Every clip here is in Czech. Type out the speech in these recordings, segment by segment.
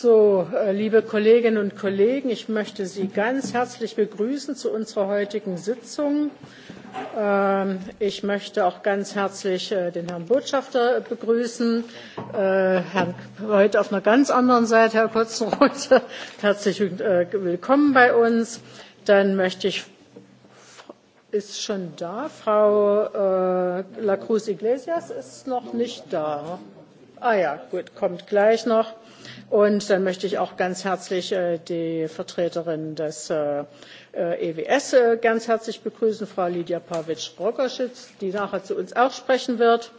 So, äh, liebe Kolleginnen und Kollegen, ich möchte Sie ganz herzlich begrüßen zu unserer heutigen Sitzung. Ähm, ich möchte auch ganz herzlich äh, den Herrn Botschafter begrüßen, äh, Herrn heute auf einer ganz anderen Seite, Herr Kotzenroth, herzlich willkommen bei uns. Dann möchte ich ist schon da, Frau La Cruz Iglesias ist noch nicht da. Ah ja, gut, kommt gleich noch. Und dann äh, möchte ich auch ganz herzlich äh, die Vertreterin des äh, EWS ganz herzlich begrüßen, Frau Lydia Pavic-Rogoschitz, die nachher zu uns auch sprechen wird.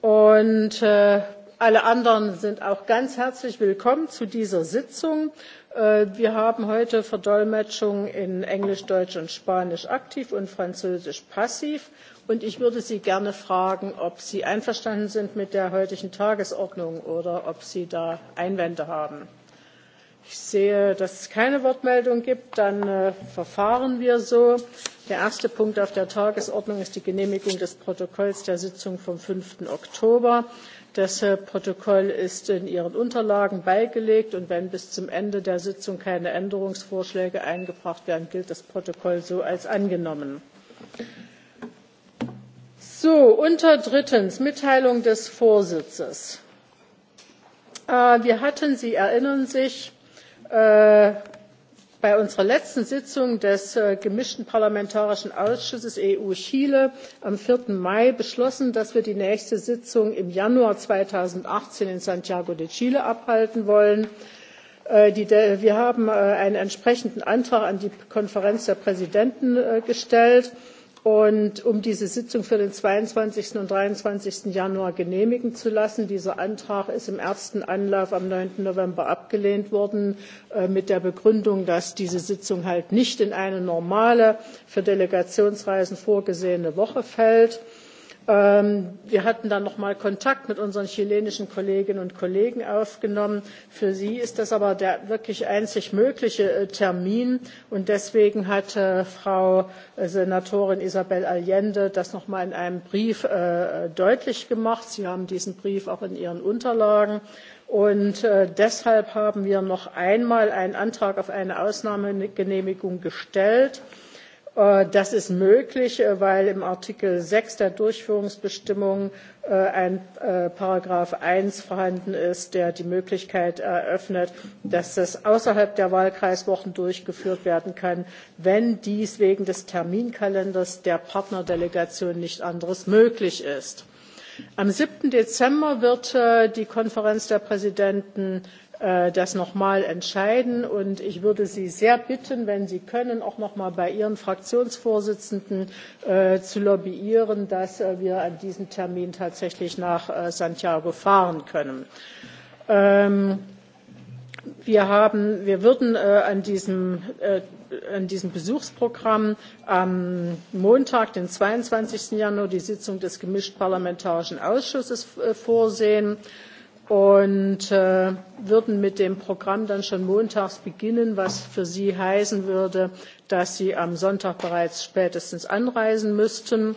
Und alle anderen sind auch ganz herzlich willkommen zu dieser Sitzung. wir haben heute Verdolmetschung in Englisch, Deutsch und Spanisch aktiv und Französisch passiv. Und ich würde Sie gerne fragen, ob Sie einverstanden sind mit der heutigen Tagesordnung oder ob Sie da Einwände haben. Ich sehe, dass es keine Wortmeldung gibt. Dann äh, verfahren wir so. Der erste Punkt auf der Tagesordnung ist die Genehmigung des Protokolls der Sitzung vom 5. Oktober. Das äh, Protokoll ist in Ihren Unterlagen beigelegt und wenn bis zum Ende der Sitzung keine Änderungsvorschläge eingebracht werden, gilt das Protokoll so als angenommen. So, unter drittens Mitteilung des Vorsitzes. Äh, wir hatten, Sie erinnern sich, äh, bei unserer letzten Sitzung des äh, gemischten parlamentarischen Ausschusses EU-Chile am 4. Mai beschlossen, dass wir die nächste Sitzung im Januar 2018 in Santiago de Chile abhalten wollen. wir haben einen entsprechenden Antrag an die Konferenz der Präsidenten gestellt und um diese Sitzung für den 22. und 23. Januar genehmigen zu lassen. Dieser Antrag ist im ersten Anlauf am 9. November abgelehnt worden äh, mit der Begründung, dass diese Sitzung halt nicht in eine normale für Delegationsreisen vorgesehene Woche fällt. Ähm, wir hatten dann noch mal Kontakt mit unseren chilenischen Kolleginnen und Kollegen aufgenommen. Für sie ist das aber der wirklich einzig mögliche äh, Termin. Und deswegen hat äh, Frau äh, Senatorin Isabel Allende das noch mal in einem Brief deutlich gemacht. Sie haben diesen Brief auch in Ihren Unterlagen. Und deshalb haben wir noch einmal einen Antrag auf eine Ausnahmegenehmigung gestellt. Äh, das ist möglich, äh, weil im Artikel 6 der Durchführungsbestimmung äh, ein Paragraph 1 vorhanden ist, der die Möglichkeit eröffnet, dass das außerhalb der Wahlkreiswochen durchgeführt werden kann, wenn dies wegen des Terminkalenders der Partnerdelegation nicht anderes möglich ist. Am 7. Dezember wird die Konferenz der Präsidenten Äh, das nochmal entscheiden. Und ich würde Sie sehr bitten, wenn Sie können, auch nochmal bei Ihren Fraktionsvorsitzenden äh, zu lobbyieren, dass äh, wir an diesem Termin tatsächlich nach äh, Santiago fahren können. Ähm, wir, haben, wir würden äh, an, diesem, äh, an diesem Besuchsprogramm am Montag, den 22. Januar, die Sitzung des gemischt parlamentarischen Ausschusses äh, vorsehen und äh, würden mit dem Programm dann schon montags beginnen, was für Sie heißen würde, dass Sie am Sonntag bereits spätestens anreisen müssten.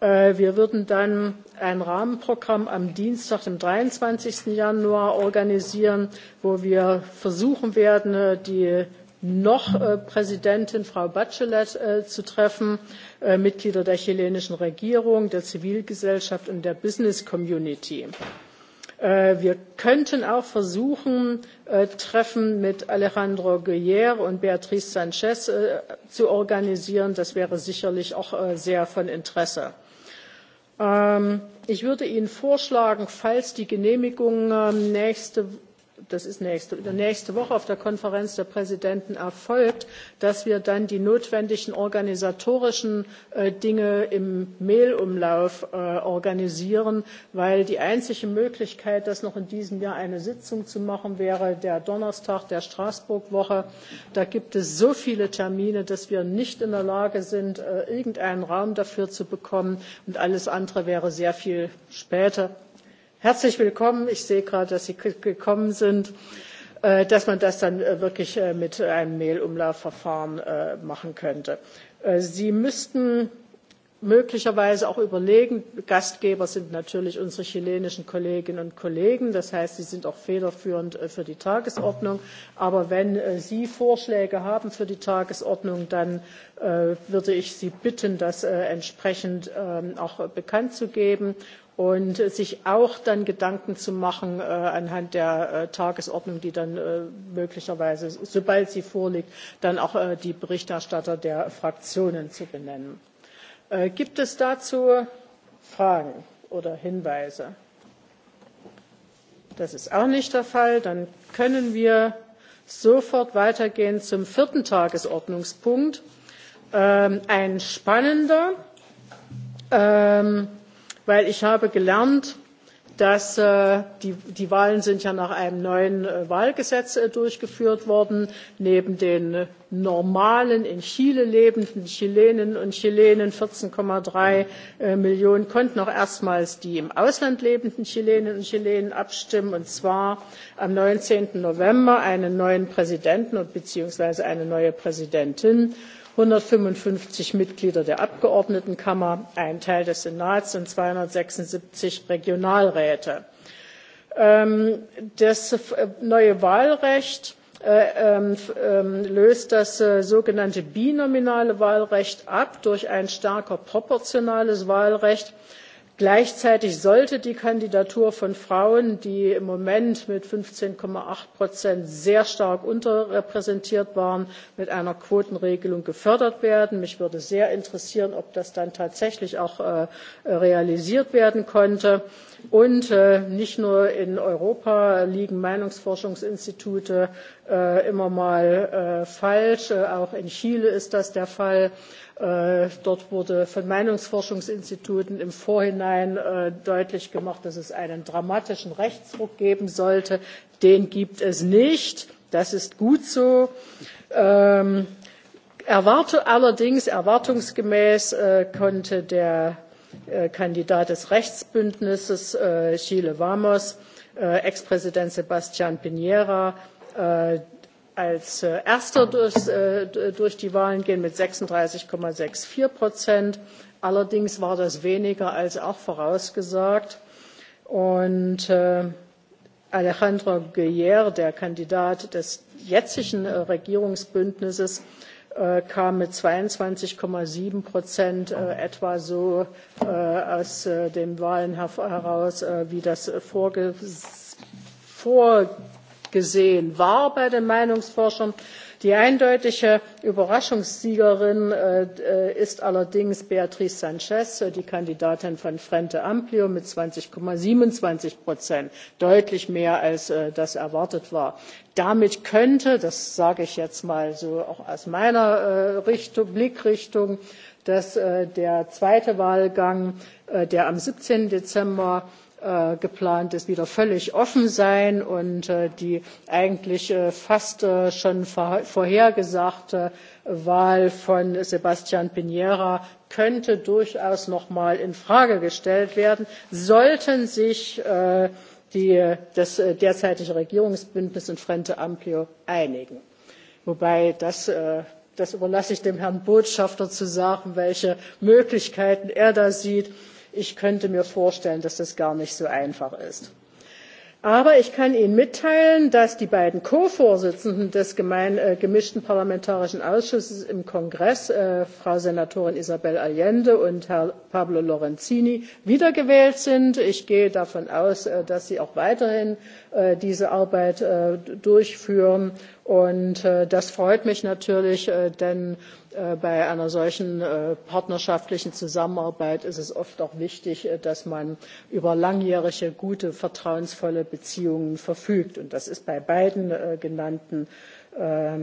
Äh, wir würden dann ein Rahmenprogramm am Dienstag, dem 23. Januar organisieren, wo wir versuchen werden, äh, die noch äh, Präsidentin Frau Bachelet äh, zu treffen, äh, Mitglieder der chilenischen Regierung, der Zivilgesellschaft und der Business Community. Äh, wir könnten auch versuchen, äh, Treffen mit Alejandro Guerre und Beatriz Sanchez äh, zu organisieren. Das wäre sicherlich auch sehr von Interesse. Ähm, ich würde Ihnen vorschlagen, falls die Genehmigung ähm, nächste das ist nächste, nächste Woche auf der Konferenz der Präsidenten erfolgt, dass wir dann die notwendigen organisatorischen äh, Dinge im Mailumlauf äh, organisieren, weil die einzige Möglichkeit, das noch in diesem Jahr eine Sitzung zu machen wäre, der Donnerstag der Straßburg-Woche. Da gibt es so viele Termine, dass wir nicht in der Lage sind, äh, irgendeinen Raum dafür zu bekommen und alles andere wäre sehr viel später herzlich willkommen. Ich sehe gerade, dass Sie gekommen sind, äh, dass man das dann äh, wirklich äh, mit einem mail Mailumlaufverfahren machen könnte. Sie müssten möglicherweise auch überlegen, Gastgeber sind natürlich unsere chilenischen Kolleginnen und Kollegen, das heißt, sie sind auch federführend für die Tagesordnung. Aber wenn Sie Vorschläge haben für die Tagesordnung, dann würde ich Sie bitten, das entsprechend ähm, auch bekannt zu geben und äh, sich auch dann Gedanken zu machen äh, anhand der äh, Tagesordnung, die dann äh, möglicherweise, sobald sie vorliegt, dann auch äh, die Berichterstatter der Fraktionen zu benennen. Äh, gibt es dazu Fragen oder Hinweise? Das ist auch nicht der Fall. Dann können wir sofort weitergehen zum vierten Tagesordnungspunkt. Ähm, ein spannender. Ähm, weil ich habe gelernt, dass äh, die, die Wahlen sind ja nach einem neuen äh, Wahlgesetz äh, durchgeführt worden. Neben den äh, normalen in Chile lebenden Chilenen und Chilenen 14,3 äh, Millionen konnten auch erstmals die im Ausland lebenden Chilenen und Chilenen abstimmen und zwar am 19. November einen neuen Präsidenten und beziehungsweise eine neue Präsidentin einhundertfünfundfünfzig mitglieder der abgeordnetenkammer ein teil des senats und zweihundertsechsundsiebzig regionalräte. Ähm, das äh, neue wahlrecht äh, ähm, ähm, löst das äh, sogenannte binominale wahlrecht ab durch ein stärker proportionales wahlrecht Gleichzeitig sollte die Kandidatur von Frauen, die im Moment mit 15,8 Prozent sehr stark unterrepräsentiert waren, mit einer Quotenregelung gefördert werden. Mich würde sehr interessieren, ob das dann tatsächlich auch äh, realisiert werden konnte. Und äh, nicht nur in Europa liegen Meinungsforschungsinstitute äh, immer mal äh, falsch. Äh, auch in Chile ist das der Fall. Äh, dort wurde von Meinungsforschungsinstituten im Vorhinein äh, deutlich gemacht, dass es einen dramatischen Rechtsruck geben sollte. Den gibt es nicht. Das ist gut so. Ähm, erwarte, allerdings erwartungsgemäß äh, konnte der äh, Kandidat des Rechtsbündnisses äh, Chile Vamos, äh, Ex-Präsident Sebastián Piñera, äh, als äh, erster durchs, äh, durch die Wahlen gehen mit 36,64 Prozent. Allerdings war das weniger als auch vorausgesagt. Und äh, Alejandro Guerre, der Kandidat des jetzigen Regierungsbündnisses, kam mit 22,7 Prozent etwa so aus den Wahlen heraus, wie das vorgesehen gesehen war bei den Meinungsforschern. Die eindeutige Überraschungssiegerin äh, ist allerdings Beatriz Sanchez, die Kandidatin von Frente Amplio mit 20,27 Prozent, deutlich mehr als äh, das erwartet war. Damit könnte, das sage ich jetzt mal so auch aus meiner äh, Blickrichtung, dass der zweite Wahlgang, der am 17. Dezember Äh, geplant ist, wieder völlig offen sein und äh, die eigentlich äh, fast schon vorhergesagte Wahl von Sebastian Piñera könnte durchaus noch mal in Frage gestellt werden, sollten sich die, das derzeitige Regierungsbündnis und Frente Amplio einigen. Wobei das das überlasse ich dem Herrn Botschafter zu sagen, welche Möglichkeiten er da sieht. Ich könnte mir vorstellen, dass das gar nicht so einfach ist. Aber ich kann Ihnen mitteilen, dass die beiden Co-Vorsitzenden des gemein, äh, gemischten parlamentarischen Ausschusses im Kongress, äh, Frau Senatorin Isabel Allende und Herr Pablo Lorenzini, wiedergewählt sind. Ich gehe davon aus, äh, dass sie auch weiterhin äh, diese Arbeit äh, durchführen Und äh, das freut mich natürlich, äh, denn äh, bei einer solchen äh, partnerschaftlichen Zusammenarbeit ist es oft auch wichtig, äh, dass man über langjährige, gute, vertrauensvolle Beziehungen verfügt. Und das ist bei beiden äh, genannten äh,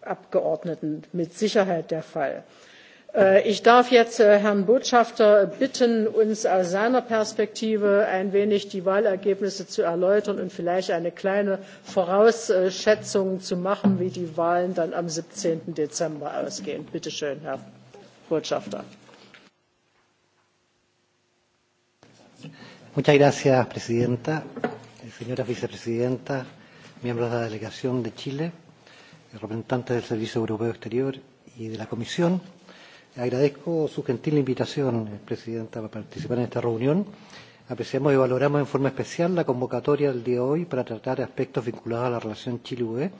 Abgeordneten mit Sicherheit der Fall. Äh, Äh, ich darf jetzt äh, Herrn Botschafter bitten, uns aus seiner Perspektive ein wenig die Wahlergebnisse zu erläutern und vielleicht eine kleine Vorausschätzung zu machen, wie die Wahlen dann am siebzehn Dezember ausgehen. Bitte schön, Herr Botschafter. Presidenta, señora Vicepresidenta, miembros de la Delegación de Chile, representantes del Servicio Europeo Exterior y de la Comisión. Agradezco su gentil invitación, eh, Presidenta, para participar en esta reunión. Apreciamos y valoramos en forma especial la convocatoria del día de hoy para tratar aspectos vinculados a la relación Chile-UE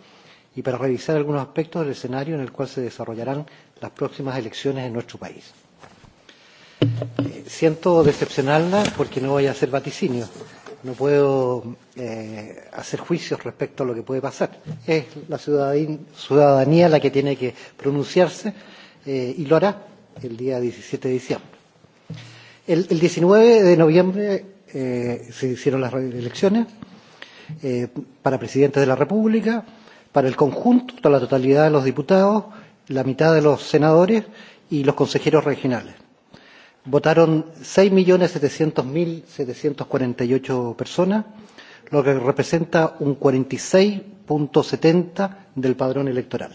y para revisar algunos aspectos del escenario en el cual se desarrollarán las próximas elecciones en nuestro país. Eh, siento decepcionarla porque no voy a hacer vaticinio. no puedo eh, hacer juicios respecto a lo que puede pasar. Es la ciudadanía la que tiene que pronunciarse eh, y lo hará el día 17 de diciembre. El, el 19 de noviembre eh, se hicieron las elecciones eh, para presidente de la República, para el conjunto, para la totalidad de los diputados, la mitad de los senadores y los consejeros regionales. Votaron 6.700.748 personas, lo que representa un 46.70 del padrón electoral.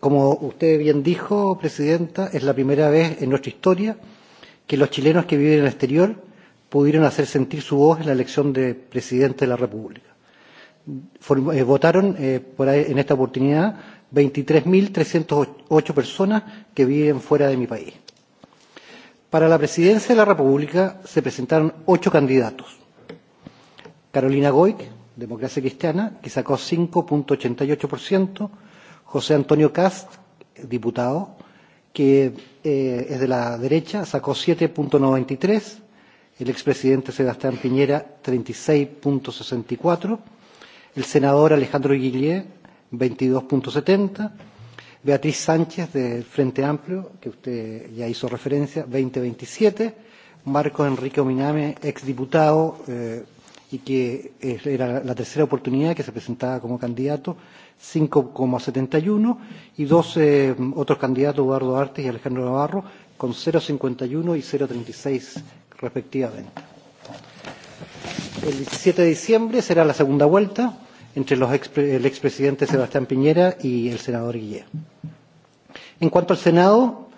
Como usted bien dijo, Presidenta, es la primera vez en nuestra historia que los chilenos que viven en el exterior pudieron hacer sentir su voz en la elección de presidente de la República. Eh, votaron eh, por ahí, en esta oportunidad 23.308 personas que viven fuera de mi país. Para la presidencia de la República se presentaron ocho candidatos. Carolina Goic, Democracia Cristiana, que sacó 5.88%, José Antonio Cast, diputado, que eh, es de la derecha, sacó 7.93, el expresidente Sebastián Piñera 36.64, el senador Alejandro Guillier 22.70, Beatriz Sánchez del Frente Amplio, que usted ya hizo referencia, 20.27, Marco Enrique Ominame, exdiputado, eh, y que eh, era la tercera oportunidad que se presentaba como candidato, 5,71, y dos eh, mm, otros candidatos, Eduardo Artes y Alejandro Navarro, con 0,51 y 0,36 respectivamente. El 17 de diciembre será la segunda vuelta entre los ex, el expresidente Sebastián Piñera y el senador Guillén. En cuanto al Senado,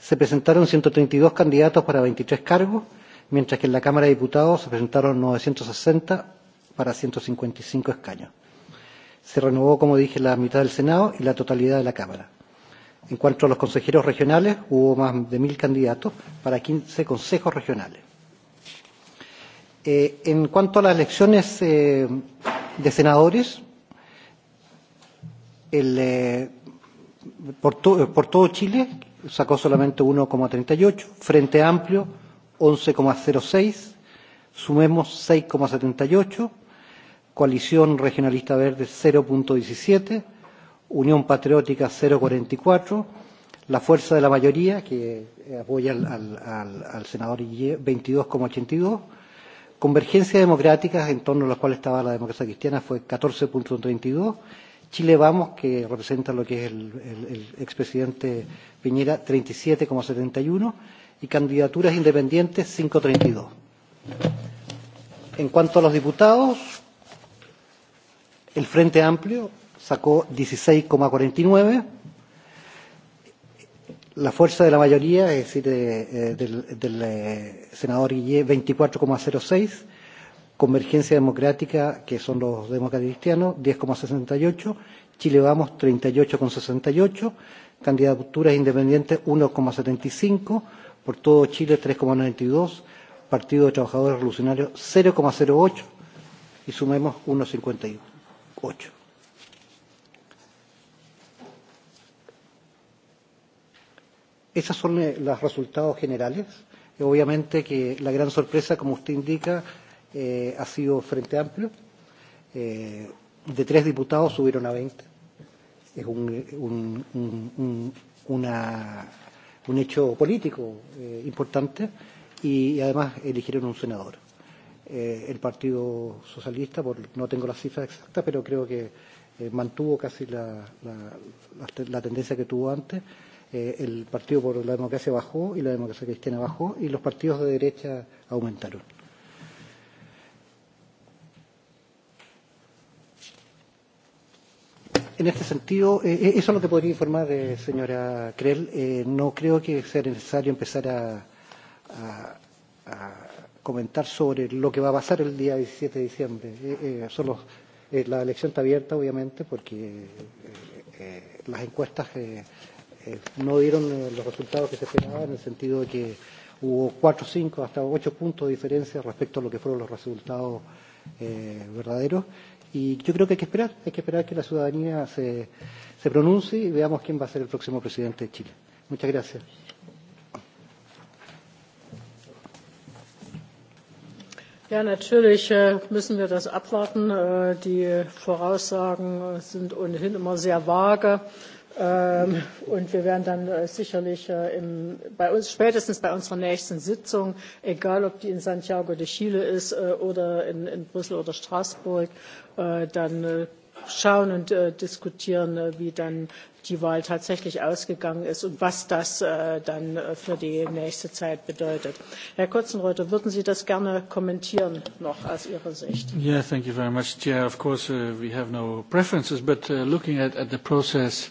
se presentaron 132 candidatos para 23 cargos, mientras que en la Cámara de Diputados se presentaron 960 para 155 escaños. Se renovó, como dije, la mitad del Senado y la totalidad de la Cámara. En cuanto a los consejeros regionales, hubo más de mil candidatos para 15 consejos regionales. Eh, en cuanto a las elecciones eh, de senadores, el, eh, por, to, por todo Chile sacó solamente 1,38, Frente Amplio 11,06, sumemos 6,78, Coalición Regionalista Verde 0.17, Unión Patriótica 0.44, la fuerza de la mayoría, que apoya al, al, al, al senador 22,82, Convergencia Democrática, en torno a la cual estaba la democracia cristiana, fue 14.32, Chile Vamos, que representa lo que es el, el, el expresidente Piñera, 37,71, y candidaturas independientes 532. En cuanto a los diputados, el Frente Amplio sacó 16,49. La fuerza de la mayoría, es decir, de, eh, del, del eh, senador Guillé, 24,06. Convergencia Democrática, que son los demócratas cristianos, 10,68. Chile Vamos, 38,68. Candidaturas independientes, 1,75 por todo Chile 3,92, Partido de Trabajadores Revolucionarios 0,08 y sumemos 1,58. Esos son eh, los resultados generales. obviamente que la gran sorpresa, como usted indica, eh, ha sido Frente Amplio. Eh, de tres diputados subieron a 20. Es un, un, un, una un hecho político eh, importante y, y además eligieron un senador. Eh, el Partido Socialista, por, no tengo las cifras exactas, pero creo que eh, mantuvo casi la, la, la, la tendencia que tuvo antes. Eh, el Partido por la Democracia bajó y la Democracia Cristiana bajó y los partidos de derecha aumentaron. En este sentido, eh, eh, eso es lo que podría informar, eh, señora Krell. Eh, no creo que sea necesario empezar a, a, a comentar sobre lo que va a pasar el día 17 de diciembre. Eh, eh, son los, eh, la elección está abierta, obviamente, porque eh, eh, las encuestas eh, eh, no dieron eh, los resultados que se esperaban, en el sentido de que hubo cuatro, cinco, hasta ocho puntos de diferencia respecto a lo que fueron los resultados eh, verdaderos Y yo creo que hay que esperar, hay que esperar que la ciudadanía se, se pronuncie y veamos quién va a ser el próximo presidente de Chile. Muchas gracias. Ja, natürlich äh, müssen wir das abwarten. Äh, die Voraussagen äh, sind ohnehin immer sehr vage. Ähm, und wir werden dann äh, sicherlich äh, im, bei uns, spätestens bei unserer nächsten Sitzung, egal ob die in Santiago de Chile ist äh, oder in, in Brüssel oder Straßburg, äh, dann äh, schauen und äh, diskutieren, äh, wie dann die Wahl tatsächlich ausgegangen ist und was das äh, dann äh, für die nächste Zeit bedeutet. Herr Kotzenreuther, würden Sie das gerne kommentieren noch aus Ihrer Sicht? Yeah, thank you very much, Chair. Of course, uh, we have no preferences, but uh, looking at, at the process, uh,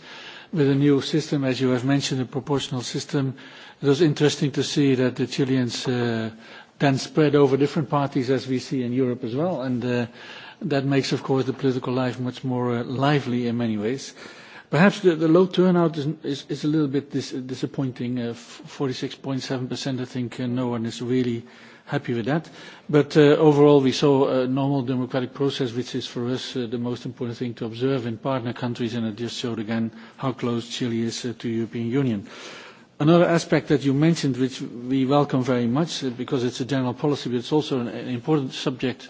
with a new system, as you have mentioned, a proportional system, it was interesting to see that the Chileans uh, then spread over different parties as we see in Europe as well. And uh, that makes, of course, the political life much more uh, lively in many ways. Perhaps the, the low turnout is, is, is a little bit dis disappointing. 46.7%, uh, I think uh, no one is really happy with that. But uh, overall, we saw a normal democratic process, which is for us uh, the most important thing to observe in partner countries, and it just showed again how close Chile is uh, to the European Union. Another aspect that you mentioned, which we welcome very much, uh, because it's a general policy, but it's also an, an important subject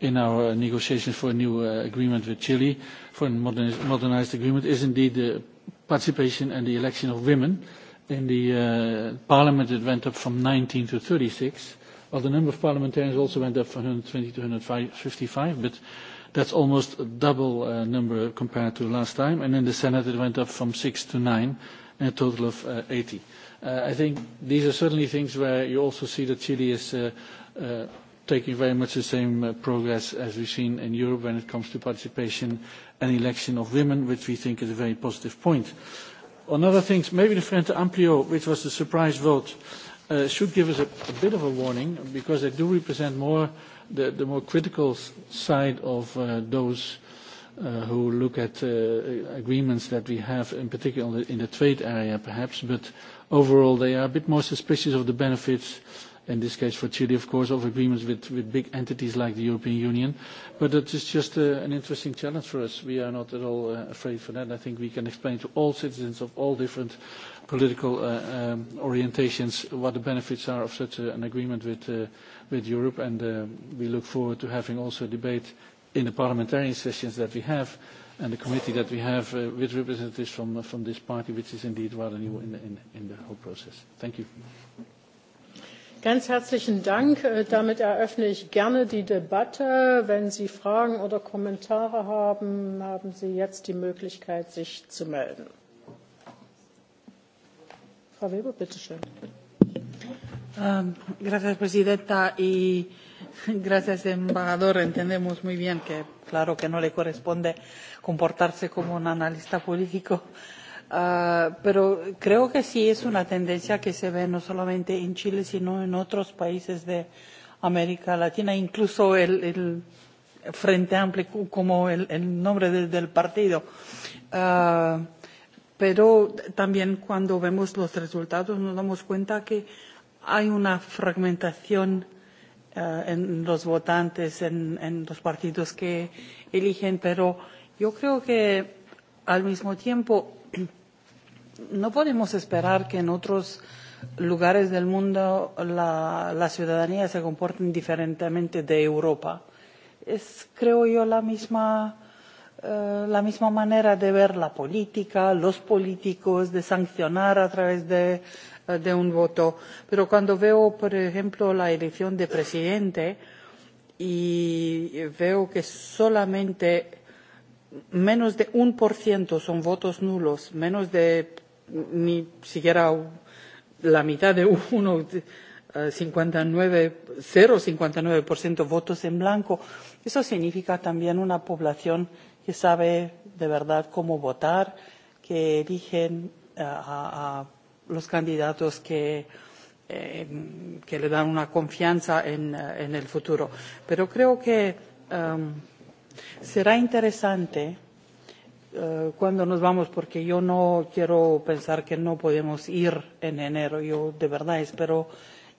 in our uh, negotiations for a new uh, agreement with Chile, for a modernized, modernized agreement, is indeed the participation and the election of women in the uh, parliament. that went up from 19 to 36 Well, the number of parliamentarians also went up from 120 to 155, but that's almost a double uh, number compared to last time. And in the Senate, it went up from six to nine, and a total of uh, 80. Uh, I think these are certainly things where you also see that Chile is uh, uh, taking very much the same uh, progress as we've seen in Europe when it comes to participation and election of women, which we think is a very positive point. On other things, maybe the Frente Amplio, which was the surprise vote, Uh, should give us a, a bit of a warning because they do represent more the, the more critical side of uh, those uh, who look at uh, agreements that we have, in particular in the, in the trade area perhaps, but overall they are a bit more suspicious of the benefits in this case for Chile, of course, of agreements with, with big entities like the European Union. But that is just uh, an interesting challenge for us. We are not at all uh, afraid for that. I think we can explain to all citizens of all different political uh, um, orientations what the benefits are of such a, uh, an agreement with, uh, with Europe. And uh, we look forward to having also a debate in the parliamentarian sessions that we have and the committee that we have uh, with representatives from, uh, from this party, which is indeed rather new in the, in, in the whole process. Thank you. Ganz herzlichen Dank. Äh, damit eröffne ich gerne die Debatte. Wenn Sie Fragen oder Kommentare haben, haben Sie jetzt die Möglichkeit, sich zu melden. Frau Weber, bitteschön. Um, gracias, Presidenta, y gracias, embajador. Entendemos muy bien que, claro, que no le corresponde comportarse como un analista político. Ah, pero creo que sí es una tendencia que se ve no solamente en Chile, sino en otros países de América Latina, incluso el, el Frente Amplio, como el, el nombre de, del partido. Uh, pero también cuando vemos los resultados nos damos cuenta que hay una fragmentación uh, en los votantes, en, en los partidos que eligen, pero yo creo que al mismo tiempo no podemos esperar que en otros lugares del mundo la, la ciudadanía se comporte diferentemente de Europa. Es, creo yo, la misma, eh, la misma manera de ver la política, los políticos, de sancionar a través de, eh, de un voto. Pero cuando veo, por ejemplo, la elección de presidente y veo que solamente menos de un por ciento son votos nulos, menos de ni siquiera la mitad de uno, 59, eh, 0,59% votos en blanco, eso significa también una población que sabe de verdad cómo votar, que eligen a, a los candidatos que, eh, que le dan una confianza en, eh, en el futuro. Pero creo que um, será interesante Eh, cuándo nos vamos, porque yo no quiero pensar que no podemos ir en enero. Yo de verdad espero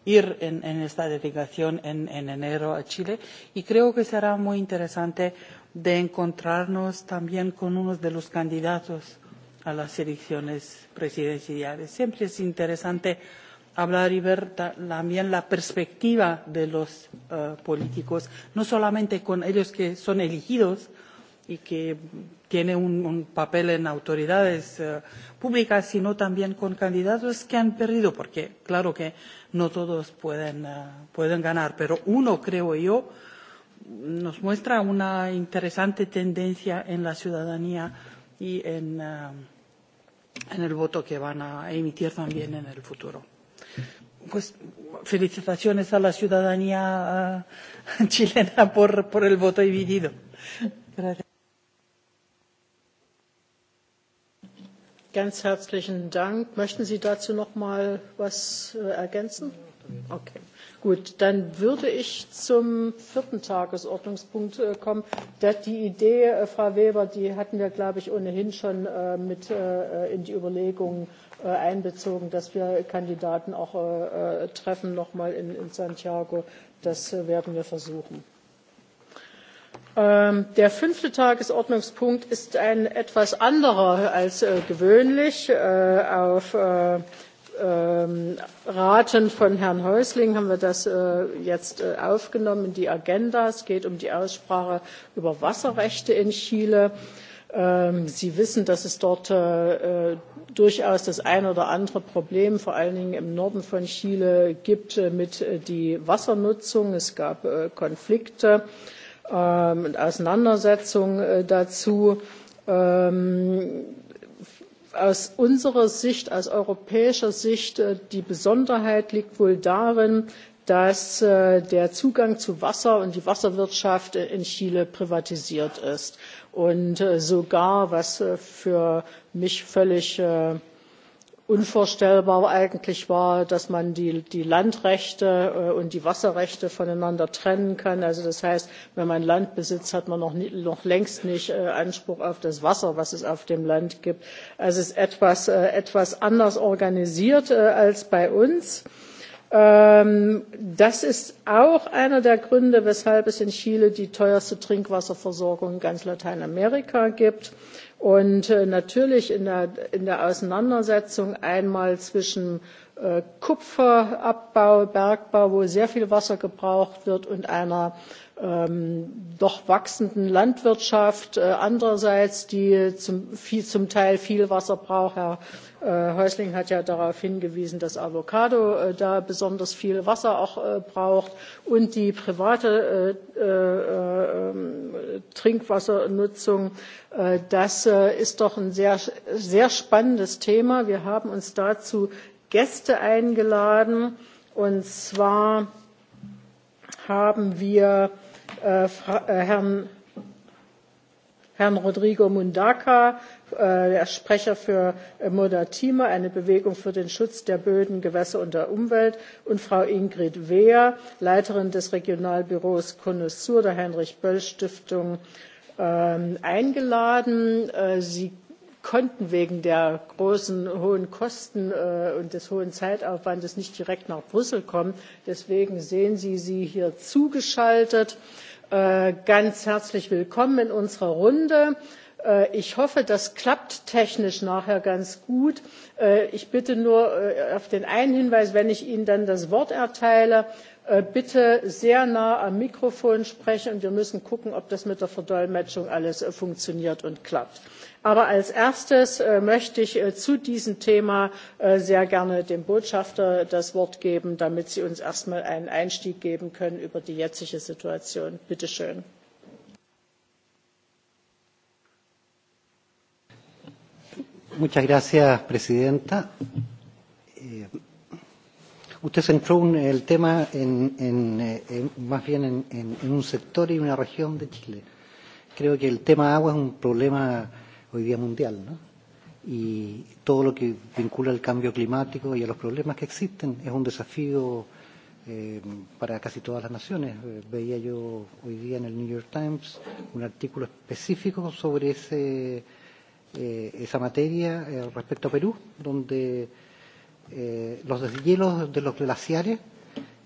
ir en, en esta delegación en, en enero a Chile y creo que será muy interesante de encontrarnos también con uno de los candidatos a las elecciones presidenciales. Siempre es interesante hablar y ver también la perspectiva de los uh, políticos, no solamente con ellos que son elegidos, y que tiene un, un papel en autoridades eh, públicas, sino también con candidatos que han perdido, porque claro que no todos pueden, eh, pueden ganar, pero uno, creo yo, nos muestra una interesante tendencia en la ciudadanía y en, eh, en el voto que van a emitir también en el futuro. Pues felicitaciones a la ciudadanía eh, chilena por, por el voto dividido. Gracias. Ganz herzlichen Dank. Möchten Sie dazu noch mal was äh, ergänzen? Okay. Gut, dann würde ich zum vierten Tagesordnungspunkt äh, kommen. Die Idee, äh, Frau Weber, die hatten wir, glaube ich, ohnehin schon mit in die Überlegungen einbezogen, dass wir Kandidaten auch treffen, nochmal in Santiago. Das werden wir versuchen. Ähm, der fünfte Tagesordnungspunkt ist ein etwas anderer als äh, gewöhnlich. Äh, auf äh, ähm, Raten von Herrn Häusling haben wir das jetzt aufgenommen in die Agenda. Es geht um die Aussprache über Wasserrechte in Chile. Ähm, Sie wissen, dass es dort durchaus das ein oder andere Problem, vor allen Dingen im Norden von Chile, gibt mit der Wassernutzung. Es gab Konflikte ähm, und Auseinandersetzung äh, dazu. Ähm, aus unserer Sicht, aus europäischer Sicht, äh, die Besonderheit liegt wohl darin, dass äh, der Zugang zu Wasser und die Wasserwirtschaft äh, in Chile privatisiert ist. Und äh, sogar, was äh, für mich völlig äh, unvorstellbar eigentlich war, dass man die, die Landrechte äh, und die Wasserrechte voneinander trennen kann. Also das heißt, wenn man Land besitzt, hat man noch, nie, noch längst nicht äh, Anspruch auf das Wasser, was es auf dem Land gibt. Also es ist etwas, äh, etwas anders organisiert als bei uns. Ähm, das ist auch einer der Gründe, weshalb es in Chile die teuerste Trinkwasserversorgung in ganz Lateinamerika gibt. Und äh, natürlich in der, in der Auseinandersetzung einmal zwischen Äh, Kupferabbau, Bergbau, wo sehr viel Wasser gebraucht wird und einer ähm, doch wachsenden Landwirtschaft. Äh, andererseits, die zum, Teil viel Wasser braucht. Herr äh, Häusling hat ja darauf hingewiesen, dass Avocado da besonders viel Wasser auch braucht und die private ähm, Trinkwassernutzung. das ist doch ein sehr spannendes Thema. Wir haben uns dazu Gäste eingeladen. Und zwar haben wir äh, äh, Herrn, Herrn Rodrigo Mundaca, äh, der Sprecher für äh, Modatima, eine Bewegung für den Schutz der Böden, Gewässer und der Umwelt, und Frau Ingrid Wehr, Leiterin des Regionalbüros Connoisseur der Heinrich-Böll-Stiftung, ähm, eingeladen. Äh, sie konnten wegen der großen hohen Kosten äh, und des hohen Zeitaufwandes nicht direkt nach Brüssel kommen. Deswegen sehen Sie sie hier zugeschaltet. Äh, ganz herzlich willkommen in unserer Runde. Äh, ich hoffe, das klappt technisch nachher ganz gut. Äh, ich bitte nur äh, auf den einen Hinweis, wenn ich Ihnen dann das Wort erteile, bitte sehr nah am Mikrofon sprechen und wir müssen gucken, ob das mit der Verdolmetschung alles funktioniert und klappt. Aber als erstes äh, möchte ich äh, zu diesem Thema äh, sehr gerne dem Botschafter das Wort geben, damit Sie uns erstmal einen Einstieg geben können über die jetzige Situation. Bitte schön. Muchas gracias, Presidenta. Eh, usted centró un, el tema en, en, eh, en, más bien en, en, en un sector y una región de Chile. Creo que el tema agua es un problema hoy día mundial, ¿no? Y todo lo que vincula al cambio climático y a los problemas que existen es un desafío eh, para casi todas las naciones. Eh, veía yo hoy día en el New York Times un artículo específico sobre ese, eh, esa materia eh, respecto a Perú, donde eh, los deshielos de los glaciares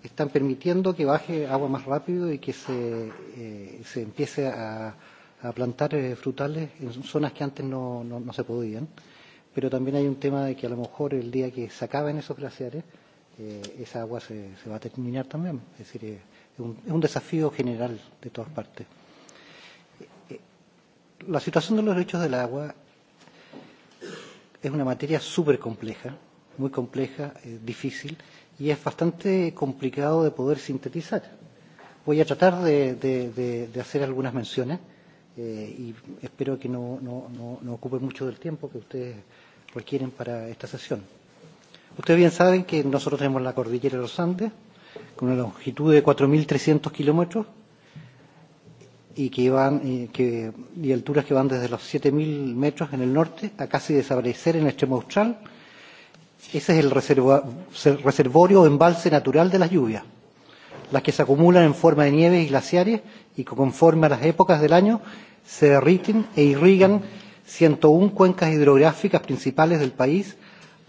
están permitiendo que baje agua más rápido y que se, eh, se empiece a a plantar eh, frutales en zonas que antes no, no, no se podían. Pero también hay un tema de que a lo mejor el día que se acaben esos glaciares, eh, esa agua se, se va a terminar también. Es decir, eh, es, un, es un desafío general de todas partes. Eh, la situación de los derechos del agua es una materia súper compleja, muy compleja, eh, difícil, y es bastante complicado de poder sintetizar. Voy a tratar de, de, de, de hacer algunas menciones. Eh, eh, y espero que no, no, no, no ocupe mucho del tiempo que ustedes requieren para esta sesión. Ustedes bien saben que nosotros tenemos la cordillera de los Andes, con una longitud de 4.300 kilómetros y que van y, eh, que, y alturas que van desde los 7.000 metros en el norte a casi desaparecer en el extremo austral. Ese es el, reserva, el reservorio o embalse natural de las lluvias, las que se acumulan en forma de nieves y glaciares y que conforme a las épocas del año se derriten e irrigan 101 cuencas hidrográficas principales del país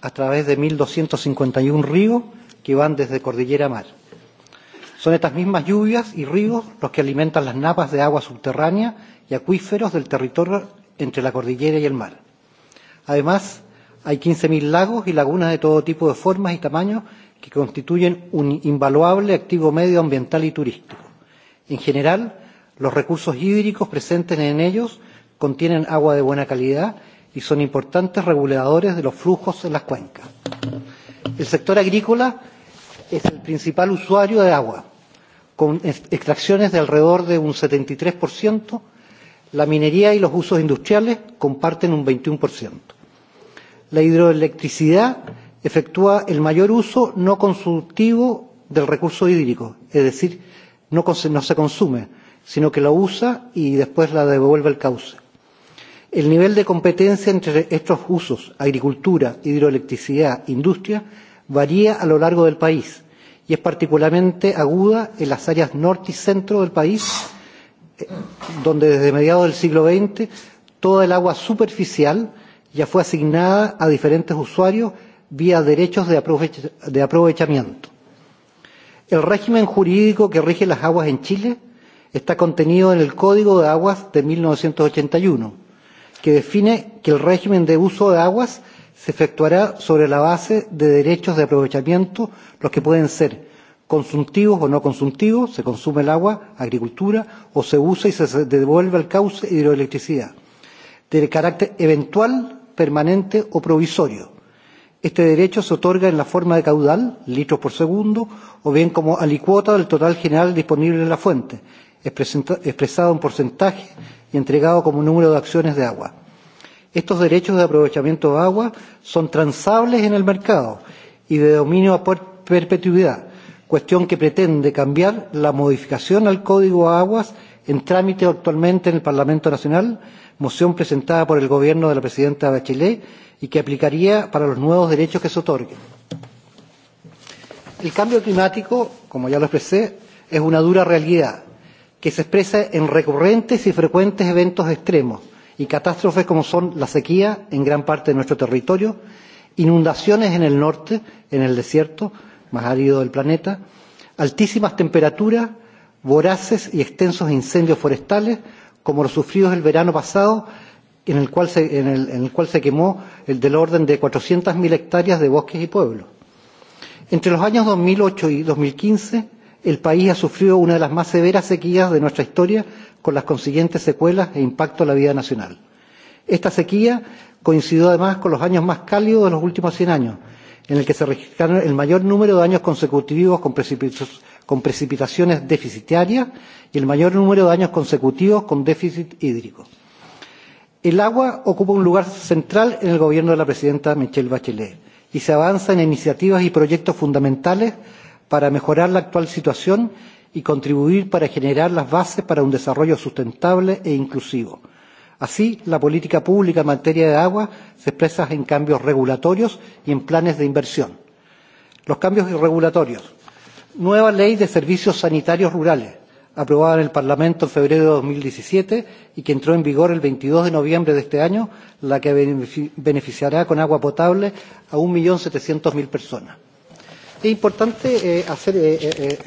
a través de 1.251 ríos que van desde cordillera a mar. Son estas mismas lluvias y ríos los que alimentan las napas de agua subterránea y acuíferos del territorio entre la cordillera y el mar. Además, hay 15.000 lagos y lagunas de todo tipo de formas y tamaños que constituyen un invaluable activo medioambiental y turístico. En general, los recursos hídricos presentes en ellos contienen agua de buena calidad y son importantes reguladores de los flujos en las cuencas. El sector agrícola es el principal usuario de agua, con extracciones de alrededor de un 73%, la minería y los usos industriales comparten un 21%. La hidroelectricidad efectúa el mayor uso no consultivo del recurso hídrico, es decir, no, no se consume, sino que la usa y después la devuelve al cauce. El nivel de competencia entre estos usos, agricultura, hidroelectricidad, industria, varía a lo largo del país y es particularmente aguda en las áreas norte y centro del país, eh, donde desde mediados del siglo XX toda el agua superficial ya fue asignada a diferentes usuarios vía derechos de, aprovech de aprovechamiento. El régimen jurídico que rige las aguas en Chile está contenido en el Código de Aguas de 1981, que define que el régimen de uso de aguas se efectuará sobre la base de derechos de aprovechamiento, los que pueden ser consumtivos o no consumtivos, se consume el agua, agricultura, o se usa y se devuelve al cauce hidroelectricidad, de carácter eventual, permanente o provisorio. Este derecho se otorga en la forma de caudal, litros por segundo, o bien como alicuota del total general disponible en la fuente, expresado en porcentaje y entregado como número de acciones de agua. Estos derechos de aprovechamiento de agua son transables en el mercado y de dominio a perpetuidad, cuestión que pretende cambiar la modificación al Código Aguas en trámite actualmente en el Parlamento Nacional, moción presentada por el gobierno de la presidenta Bachelet y que aplicaría para los nuevos derechos que se otorguen. El cambio climático, como ya lo expresé, es una dura realidad que se expresa en recurrentes y frecuentes eventos extremos y catástrofes como son la sequía en gran parte de nuestro territorio, inundaciones en el norte, en el desierto, más árido del planeta, altísimas temperaturas, voraces y extensos incendios forestales, como los sufridos el verano pasado, en el cual se, en el, en el cual se quemó el del orden de 400.000 hectáreas de bosques y pueblos. Entre los años 2008 y 2015, el país ha sufrido una de las más severas sequías de nuestra historia, con las consiguientes secuelas e impacto a la vida nacional. Esta sequía coincidió además con los años más cálidos de los últimos 100 años, en el que se registraron el mayor número de años consecutivos con, precipit con precipitaciones deficitarias y el mayor número de años consecutivos con déficit hídrico. El agua ocupa un lugar central en el gobierno de la presidenta Michelle Bachelet y se avanza en iniciativas y proyectos fundamentales para mejorar la actual situación y contribuir para generar las bases para un desarrollo sustentable e inclusivo Así, la política pública en materia de agua se expresa en cambios regulatorios y en planes de inversión. Los cambios regulatorios. Nueva ley de servicios sanitarios rurales, aprobada en el Parlamento en febrero de 2017 y que entró en vigor el 22 de noviembre de este año, la que beneficiará con agua potable a 1.700.000 personas. Es importante eh, hacer, eh, eh, eh,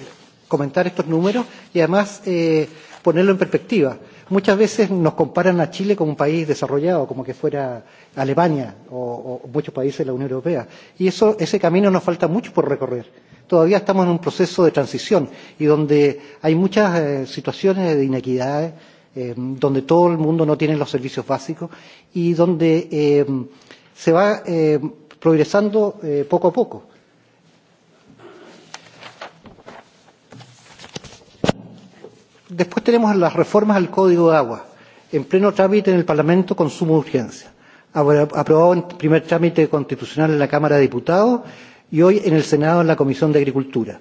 comentar estos números y además eh, ponerlo en perspectiva muchas veces nos comparan a Chile como un país desarrollado, como que fuera Alemania o, o muchos países de la Unión Europea. Y eso, ese camino nos falta mucho por recorrer. Todavía estamos en un proceso de transición y donde hay muchas eh, situaciones de inequidades, eh, donde todo el mundo no tiene los servicios básicos y donde eh, se va eh, progresando eh, poco a poco Después tenemos las reformas al Código de Agua, en pleno trámite en el Parlamento con suma urgencia, aprobado en primer trámite constitucional en la Cámara de Diputados y hoy en el Senado en la Comisión de Agricultura.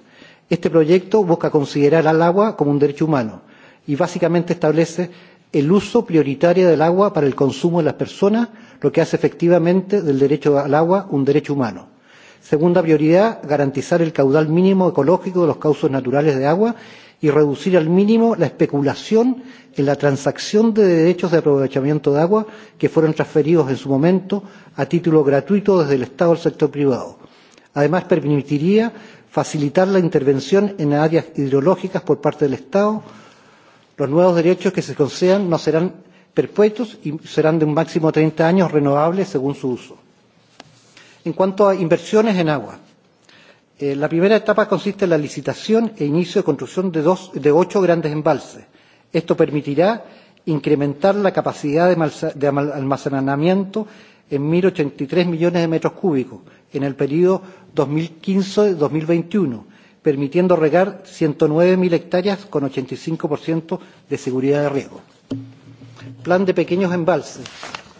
Este proyecto busca considerar al agua como un derecho humano y básicamente establece el uso prioritario del agua para el consumo de las personas, lo que hace efectivamente del derecho al agua un derecho humano. Segunda prioridad, garantizar el caudal mínimo ecológico de los cauces naturales de agua y reducir al mínimo la especulación en la transacción de derechos de aprovechamiento de agua que fueron transferidos en su momento a título gratuito desde el Estado al sector privado. Además, permitiría facilitar la intervención en áreas hidrológicas por parte del Estado. Los nuevos derechos que se concedan no serán perpetuos y serán de un máximo de 30 años renovables según su uso. En cuanto a inversiones en agua, Eh, la primera etapa consiste en la licitación e inicio de construcción de, dos, de ocho grandes embalses. Esto permitirá incrementar la capacidad de, de almacenamiento en 1.083 millones de metros cúbicos en el periodo 2015-2021, permitiendo regar 109.000 hectáreas con 85% de seguridad de riego. Plan de pequeños embalses.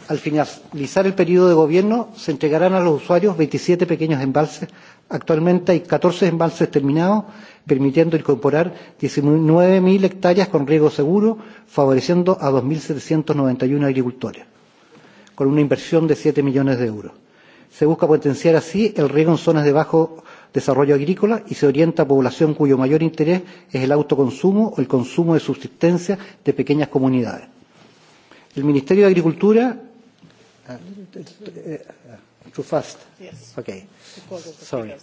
Al finalizar el periodo de gobierno, se entregarán a los usuarios 27 pequeños embalses Actualmente hay 14 embalses terminados, permitiendo incorporar 19.000 hectáreas con riego seguro, favoreciendo a 2.791 agricultores, con una inversión de 7 millones de euros. Se busca potenciar así el riego en zonas de bajo desarrollo agrícola y se orienta a población cuyo mayor interés es el autoconsumo o el consumo de subsistencia de pequeñas comunidades. El Ministerio de Agricultura. Uh, too fast. Yes. Okay. Sorry.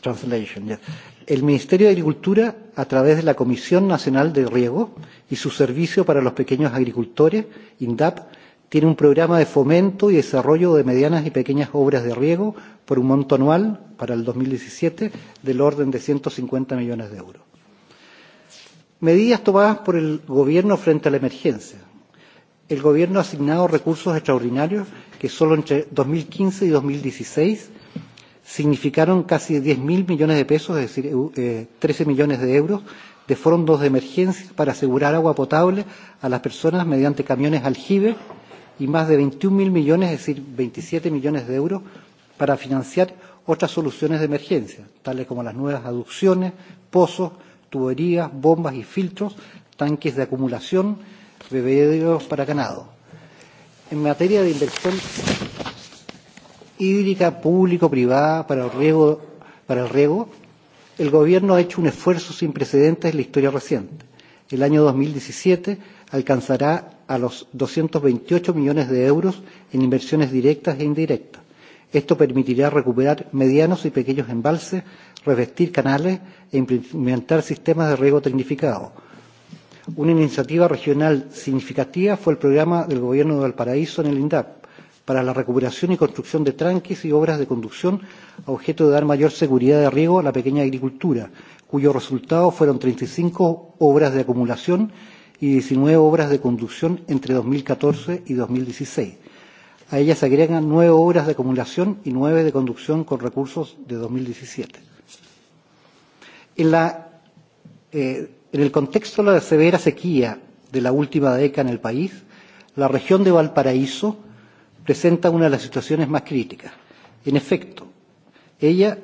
Translation, yes. El Ministerio de Agricultura, a través de la Comisión Nacional de Riego y su Servicio para los Pequeños Agricultores, INDAP, tiene un programa de fomento y desarrollo de medianas y pequeñas obras de riego por un monto anual para el 2017 del orden de 150 millones de euros. Medidas tomadas por el Gobierno frente a la emergencia el Gobierno ha asignado recursos extraordinarios que solo entre 2015 y 2016 significaron casi 10.000 millones de pesos, es decir, eh, 13 millones de euros, de fondos de emergencia para asegurar agua potable a las personas mediante camiones aljibe y más de 21.000 millones, es decir, 27 millones de euros, para financiar otras soluciones de emergencia, tales como las nuevas aducciones, pozos, tuberías, bombas y filtros, tanques de acumulación, bebederos para ganado. En materia de inversión hídrica público-privada para el riego, para el riego, el Gobierno ha hecho un esfuerzo sin precedentes en la historia reciente. El año 2017 alcanzará a los 228 millones de euros en inversiones directas e indirectas. Esto permitirá recuperar medianos y pequeños embalses, revestir canales e implementar sistemas de riego tecnificado Una iniciativa regional significativa fue el programa del Gobierno de Valparaíso en el INDAP para la recuperación y construcción de tranques y obras de conducción a objeto de dar mayor seguridad de riego a la pequeña agricultura, cuyos resultados fueron 35 obras de acumulación y 19 obras de conducción entre 2014 y 2016. A ellas se agregan nueve obras de acumulación y nueve de conducción con recursos de 2017. En la eh, En el contexto de la severa sequía de la última década en el país, la región de Valparaíso presenta una de las situaciones más críticas. En efecto, ella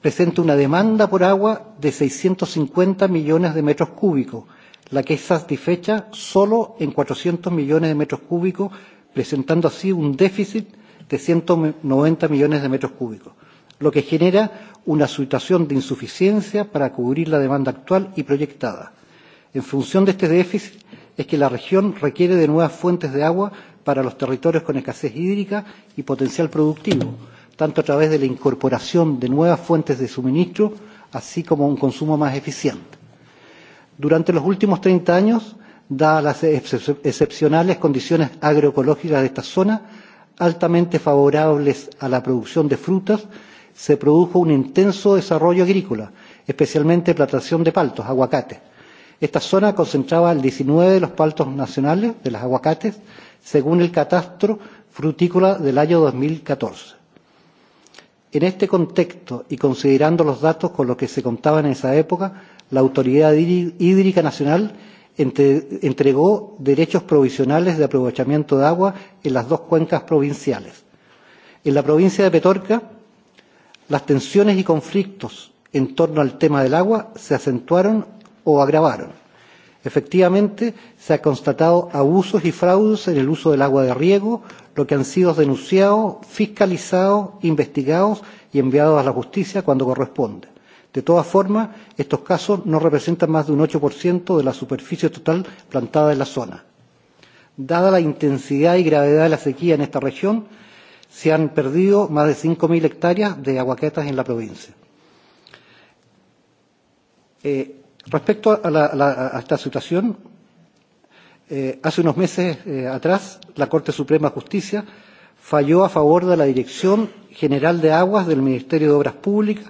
presenta una demanda por agua de 650 millones de metros cúbicos, la que es satisfecha solo en 400 millones de metros cúbicos, presentando así un déficit de 190 millones de metros cúbicos lo que genera una situación de insuficiencia para cubrir la demanda actual y proyectada. En función de este déficit es que la región requiere de nuevas fuentes de agua para los territorios con escasez hídrica y potencial productivo, tanto a través de la incorporación de nuevas fuentes de suministro, así como un consumo más eficiente. Durante los últimos 30 años, dadas las excepcionales condiciones agroecológicas de esta zona, altamente favorables a la producción de frutas, se produjo un intenso desarrollo agrícola, especialmente plantación de paltos, aguacates. Esta zona concentraba el 19 de los paltos nacionales de los aguacates, según el catastro frutícola del año 2014. En este contexto y considerando los datos con los que se contaban en esa época, la Autoridad Hídrica Nacional entre, entregó derechos provisionales de aprovechamiento de agua en las dos cuencas provinciales. En la provincia de Petorca, las tensiones y conflictos en torno al tema del agua se acentuaron o agravaron. Efectivamente, se han constatado abusos y fraudes en el uso del agua de riego, lo que han sido denunciados, fiscalizados, investigados y enviados a la justicia cuando corresponde. De todas formas, estos casos no representan más de un 8% de la superficie total plantada en la zona. Dada la intensidad y gravedad de la sequía en esta región, se han perdido más de 5.000 hectáreas de aguaquetas en la provincia. Eh, respecto a, la, a, la, a esta situación, eh, hace unos meses eh, atrás la Corte Suprema de Justicia falló a favor de la Dirección General de Aguas del Ministerio de Obras Públicas,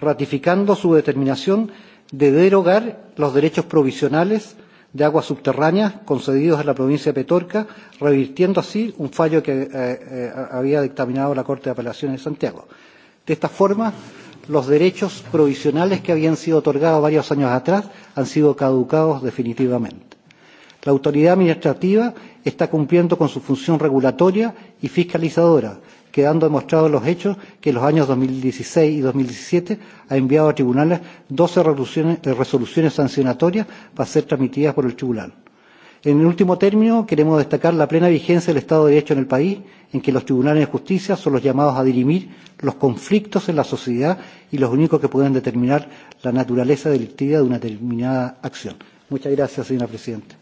ratificando su determinación de derogar los derechos provisionales de aguas subterráneas concedidos a la provincia de Petorca, revirtiendo así un fallo que eh, eh, había dictaminado la Corte de Apelaciones de Santiago. De esta forma, los derechos provisionales que habían sido otorgados varios años atrás han sido caducados definitivamente. La autoridad administrativa está cumpliendo con su función regulatoria y fiscalizadora quedando demostrados los hechos que en los años 2016 y 2017 ha enviado a tribunales 12 resoluciones, eh, resoluciones sancionatorias para ser transmitidas por el tribunal. En el último término, queremos destacar la plena vigencia del Estado de Derecho en el país, en que los tribunales de justicia son los llamados a dirimir los conflictos en la sociedad y los únicos que pueden determinar la naturaleza delictiva de una determinada acción. Muchas gracias, señora presidenta.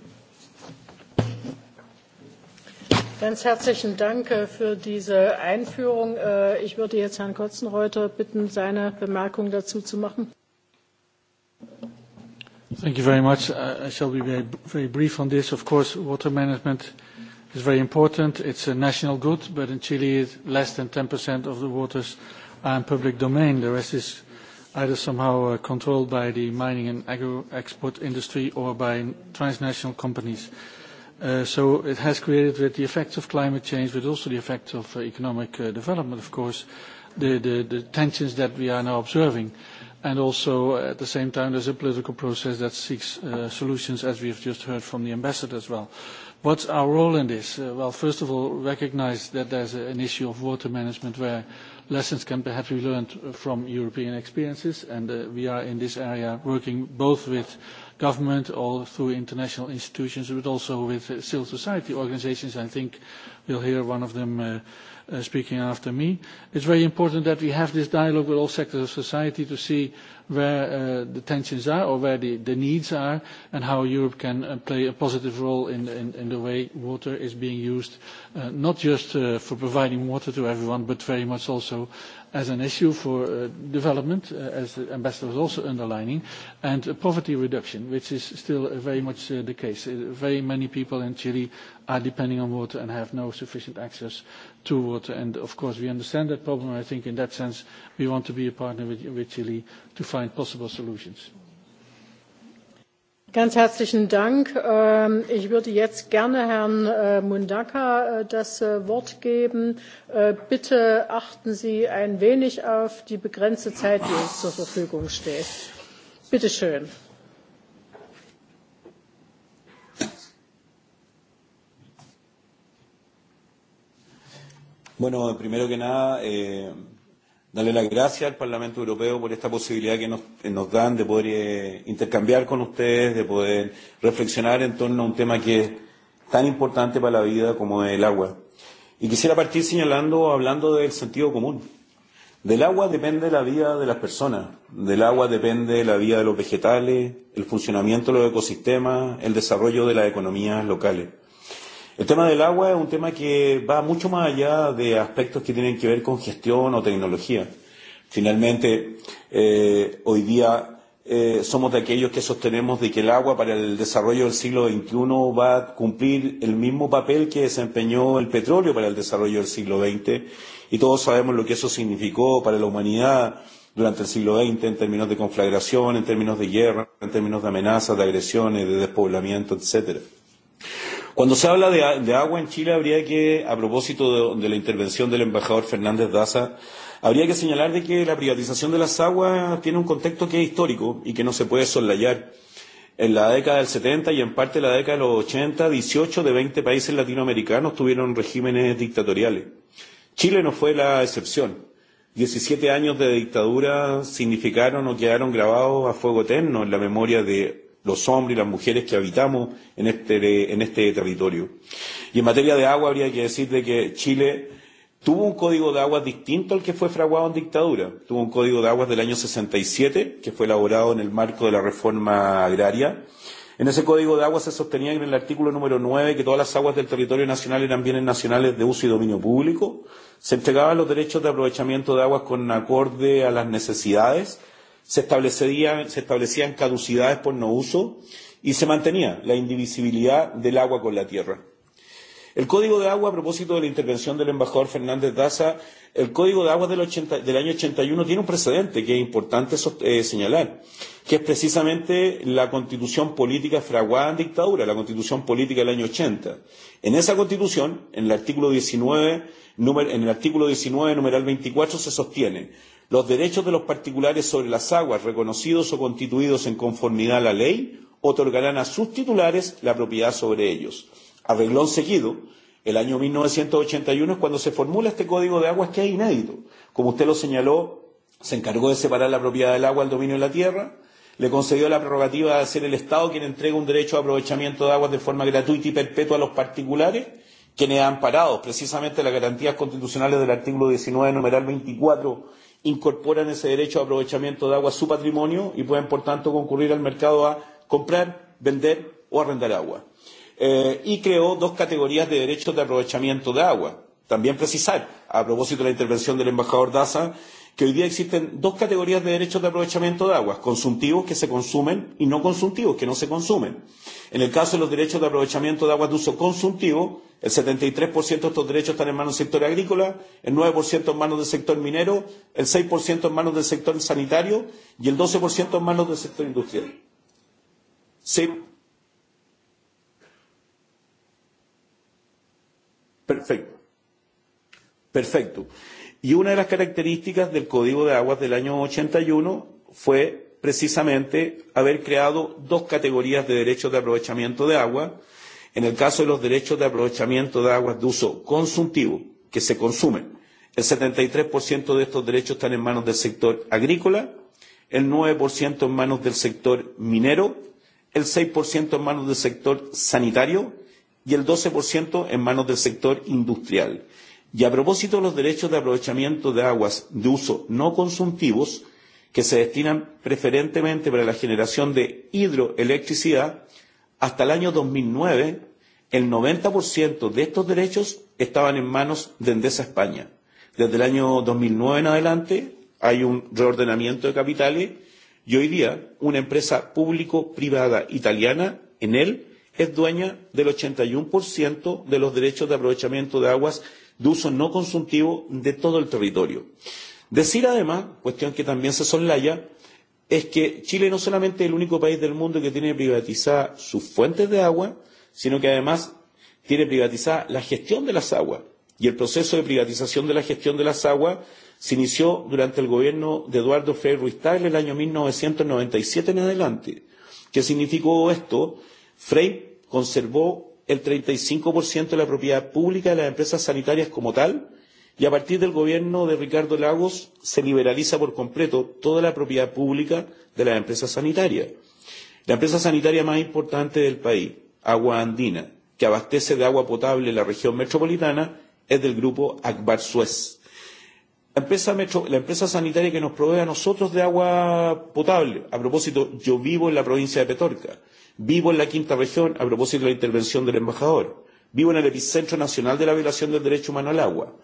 Ganz herzlichen Dank äh, für diese Einführung. Äh, ich würde jetzt Herrn Kotzenreuter bitten, seine Bemerkung dazu zu machen. Thank you very much. I shall be very, very brief on this. Of course, water management is very important. It's a national good, but in Chile, less than 10% of the waters are in public domain. The rest is either somehow uh, controlled by the mining and agro-export industry or by transnational companies. Uh, so it has created with the effects of climate change, but also the effects of uh, economic uh, development, of course, the, the, the tensions that we are now observing. And also, uh, at the same time, there's a political process that seeks uh, solutions, as we have just heard from the ambassador as well. What's our role in this? Uh, Well, first of all, recognize that there's a, an issue of water management where lessons can perhaps be learned from European experiences, and uh, we are in this area working both with government or through international institutions, but also with civil society organizations. I think we'll hear one of them uh, Uh, speaking after me. It's very important that we have this dialogue with all sectors of society to see where uh, the tensions are or where the, the needs are and how Europe can uh, play a positive role in, in, in the way water is being used, uh, not just uh, for providing water to everyone, but very much also as an issue for uh, development, uh, as the ambassador was also underlining, and poverty reduction, which is still uh, very much the case. very many people in Chile are depending on water and have no sufficient access to water. And of course, we understand that problem. I think in that sense, we want to be a partner with Chile to find possible solutions. Ganz herzlichen Dank. Ähm, ich würde jetzt gerne Herrn äh, Mundaka äh, das äh, Wort geben. Bitte achten Sie ein wenig auf die begrenzte Zeit, die uns zur Verfügung steht. Bitte schön. Bueno, primero que nada, eh, darle las gracias al Parlamento Europeo por esta posibilidad que nos, nos dan de poder eh, intercambiar con ustedes, de poder reflexionar en torno a un tema que es tan importante para la vida como el agua. Y quisiera partir señalando, hablando del sentido común. Del agua depende la vida de las personas, del agua depende la vida de los vegetales, el funcionamiento de los ecosistemas, el desarrollo de las economías locales. El tema del agua es un tema que va mucho más allá de aspectos que tienen que ver con gestión o tecnología. Finalmente, eh, hoy día eh, somos de aquellos que sostenemos de que el agua para el desarrollo del siglo XXI va a cumplir el mismo papel que desempeñó el petróleo para el desarrollo del siglo XX y todos sabemos lo que eso significó para la humanidad durante el siglo XX en términos de conflagración, en términos de guerra, en términos de amenazas, de agresiones, de despoblamiento, etcétera. Cuando se habla de, de agua en Chile, habría que, a propósito de, de la intervención del embajador Fernández Daza, habría que señalar de que la privatización de las aguas tiene un contexto que es histórico y que no se puede soslayar. En la década del 70 y en parte de la década de los 80, 18 de 20 países latinoamericanos tuvieron regímenes dictatoriales. Chile no fue la excepción. 17 años de dictadura significaron o quedaron grabados a fuego eterno en la memoria de los hombres y las mujeres que habitamos en este, en este territorio. Y en materia de agua habría que decir de que Chile tuvo un código de aguas distinto al que fue fraguado en dictadura. Tuvo un código de aguas del año 67 que fue elaborado en el marco de la reforma agraria. En ese código de aguas se sostenía en el artículo número 9 que todas las aguas del territorio nacional eran bienes nacionales de uso y dominio público. Se entregaban los derechos de aprovechamiento de aguas con acorde a las necesidades se, establecerían, se establecían caducidades por no uso y se mantenía la indivisibilidad del agua con la tierra. El Código de Agua, a propósito de la intervención del embajador Fernández Daza, el Código de Agua del, 80, del año 81 tiene un precedente que es importante eh, señalar, que es precisamente la constitución política fraguada en dictadura, la constitución política del año 80. En esa constitución, en el artículo 19, número, en el artículo 19, numeral 24, se sostiene los derechos de los particulares sobre las aguas reconocidos o constituidos en conformidad a la ley otorgarán a sus titulares la propiedad sobre ellos. Arreglón seguido, el año 1981 es cuando se formula este Código de Aguas que es inédito. Como usted lo señaló, se encargó de separar la propiedad del agua del dominio de la tierra, le concedió la prerrogativa de ser el Estado quien entrega un derecho de aprovechamiento de aguas de forma gratuita y perpetua a los particulares, quienes han parado precisamente las garantías constitucionales del artículo 19, numeral 24 incorporan ese derecho de aprovechamiento de agua a su patrimonio y pueden, por tanto, concurrir al mercado a comprar, vender o arrendar agua. Eh, y creó dos categorías de derechos de aprovechamiento de agua. También precisar, a propósito de la intervención del embajador Daza, que hoy día existen dos categorías de derechos de aprovechamiento de aguas, consumtivos que se consumen y no consumtivos que no se consumen. En el caso de los derechos de aprovechamiento de aguas de uso consumtivo, el 73% de estos derechos están en manos del sector agrícola, el 9% en manos del sector minero, el 6% en manos del sector sanitario y el 12% en manos del sector industrial. Sí. Perfecto. Perfecto. Y una de las características del Código de Aguas del año 81 fue precisamente haber creado dos categorías de derechos de aprovechamiento de agua. En el caso de los derechos de aprovechamiento de aguas de uso consultivo, que se consumen, el 73% de estos derechos están en manos del sector agrícola, el 9% en manos del sector minero, el 6% en manos del sector sanitario y el 12% en manos del sector industrial. Y a propósito de los derechos de aprovechamiento de aguas de uso no consumtivos, que se destinan preferentemente para la generación de hidroelectricidad, hasta el año 2009 el 90% de estos derechos estaban en manos de Endesa España. Desde el año 2009 en adelante hay un reordenamiento de capitales y hoy día una empresa público-privada italiana, en él es dueña del 81% de los derechos de aprovechamiento de aguas de uso no consultivo de todo el territorio. Decir además, cuestión que también se soslaya, es que Chile no solamente es el único país del mundo que tiene privatizada sus fuentes de agua, sino que además tiene privatizada la gestión de las aguas. Y el proceso de privatización de la gestión de las aguas se inició durante el gobierno de Eduardo Frei Ruiz Tagle el año 1997 en adelante. ¿Qué significó esto? Frei conservó el 35% de la propiedad pública de las empresas sanitarias como tal, y a partir del gobierno de Ricardo Lagos se liberaliza por completo toda la propiedad pública de las empresas sanitarias. La empresa sanitaria más importante del país, Agua Andina, que abastece de agua potable la región metropolitana, es del grupo Akbar Suez. La empresa, metro, la empresa sanitaria que nos provee a nosotros de agua potable, a propósito, yo vivo en la provincia de Petorca, Vivo en la quinta región, a propósito de la intervención del embajador. Vivo en el epicentro nacional de la violación del derecho humano al agua.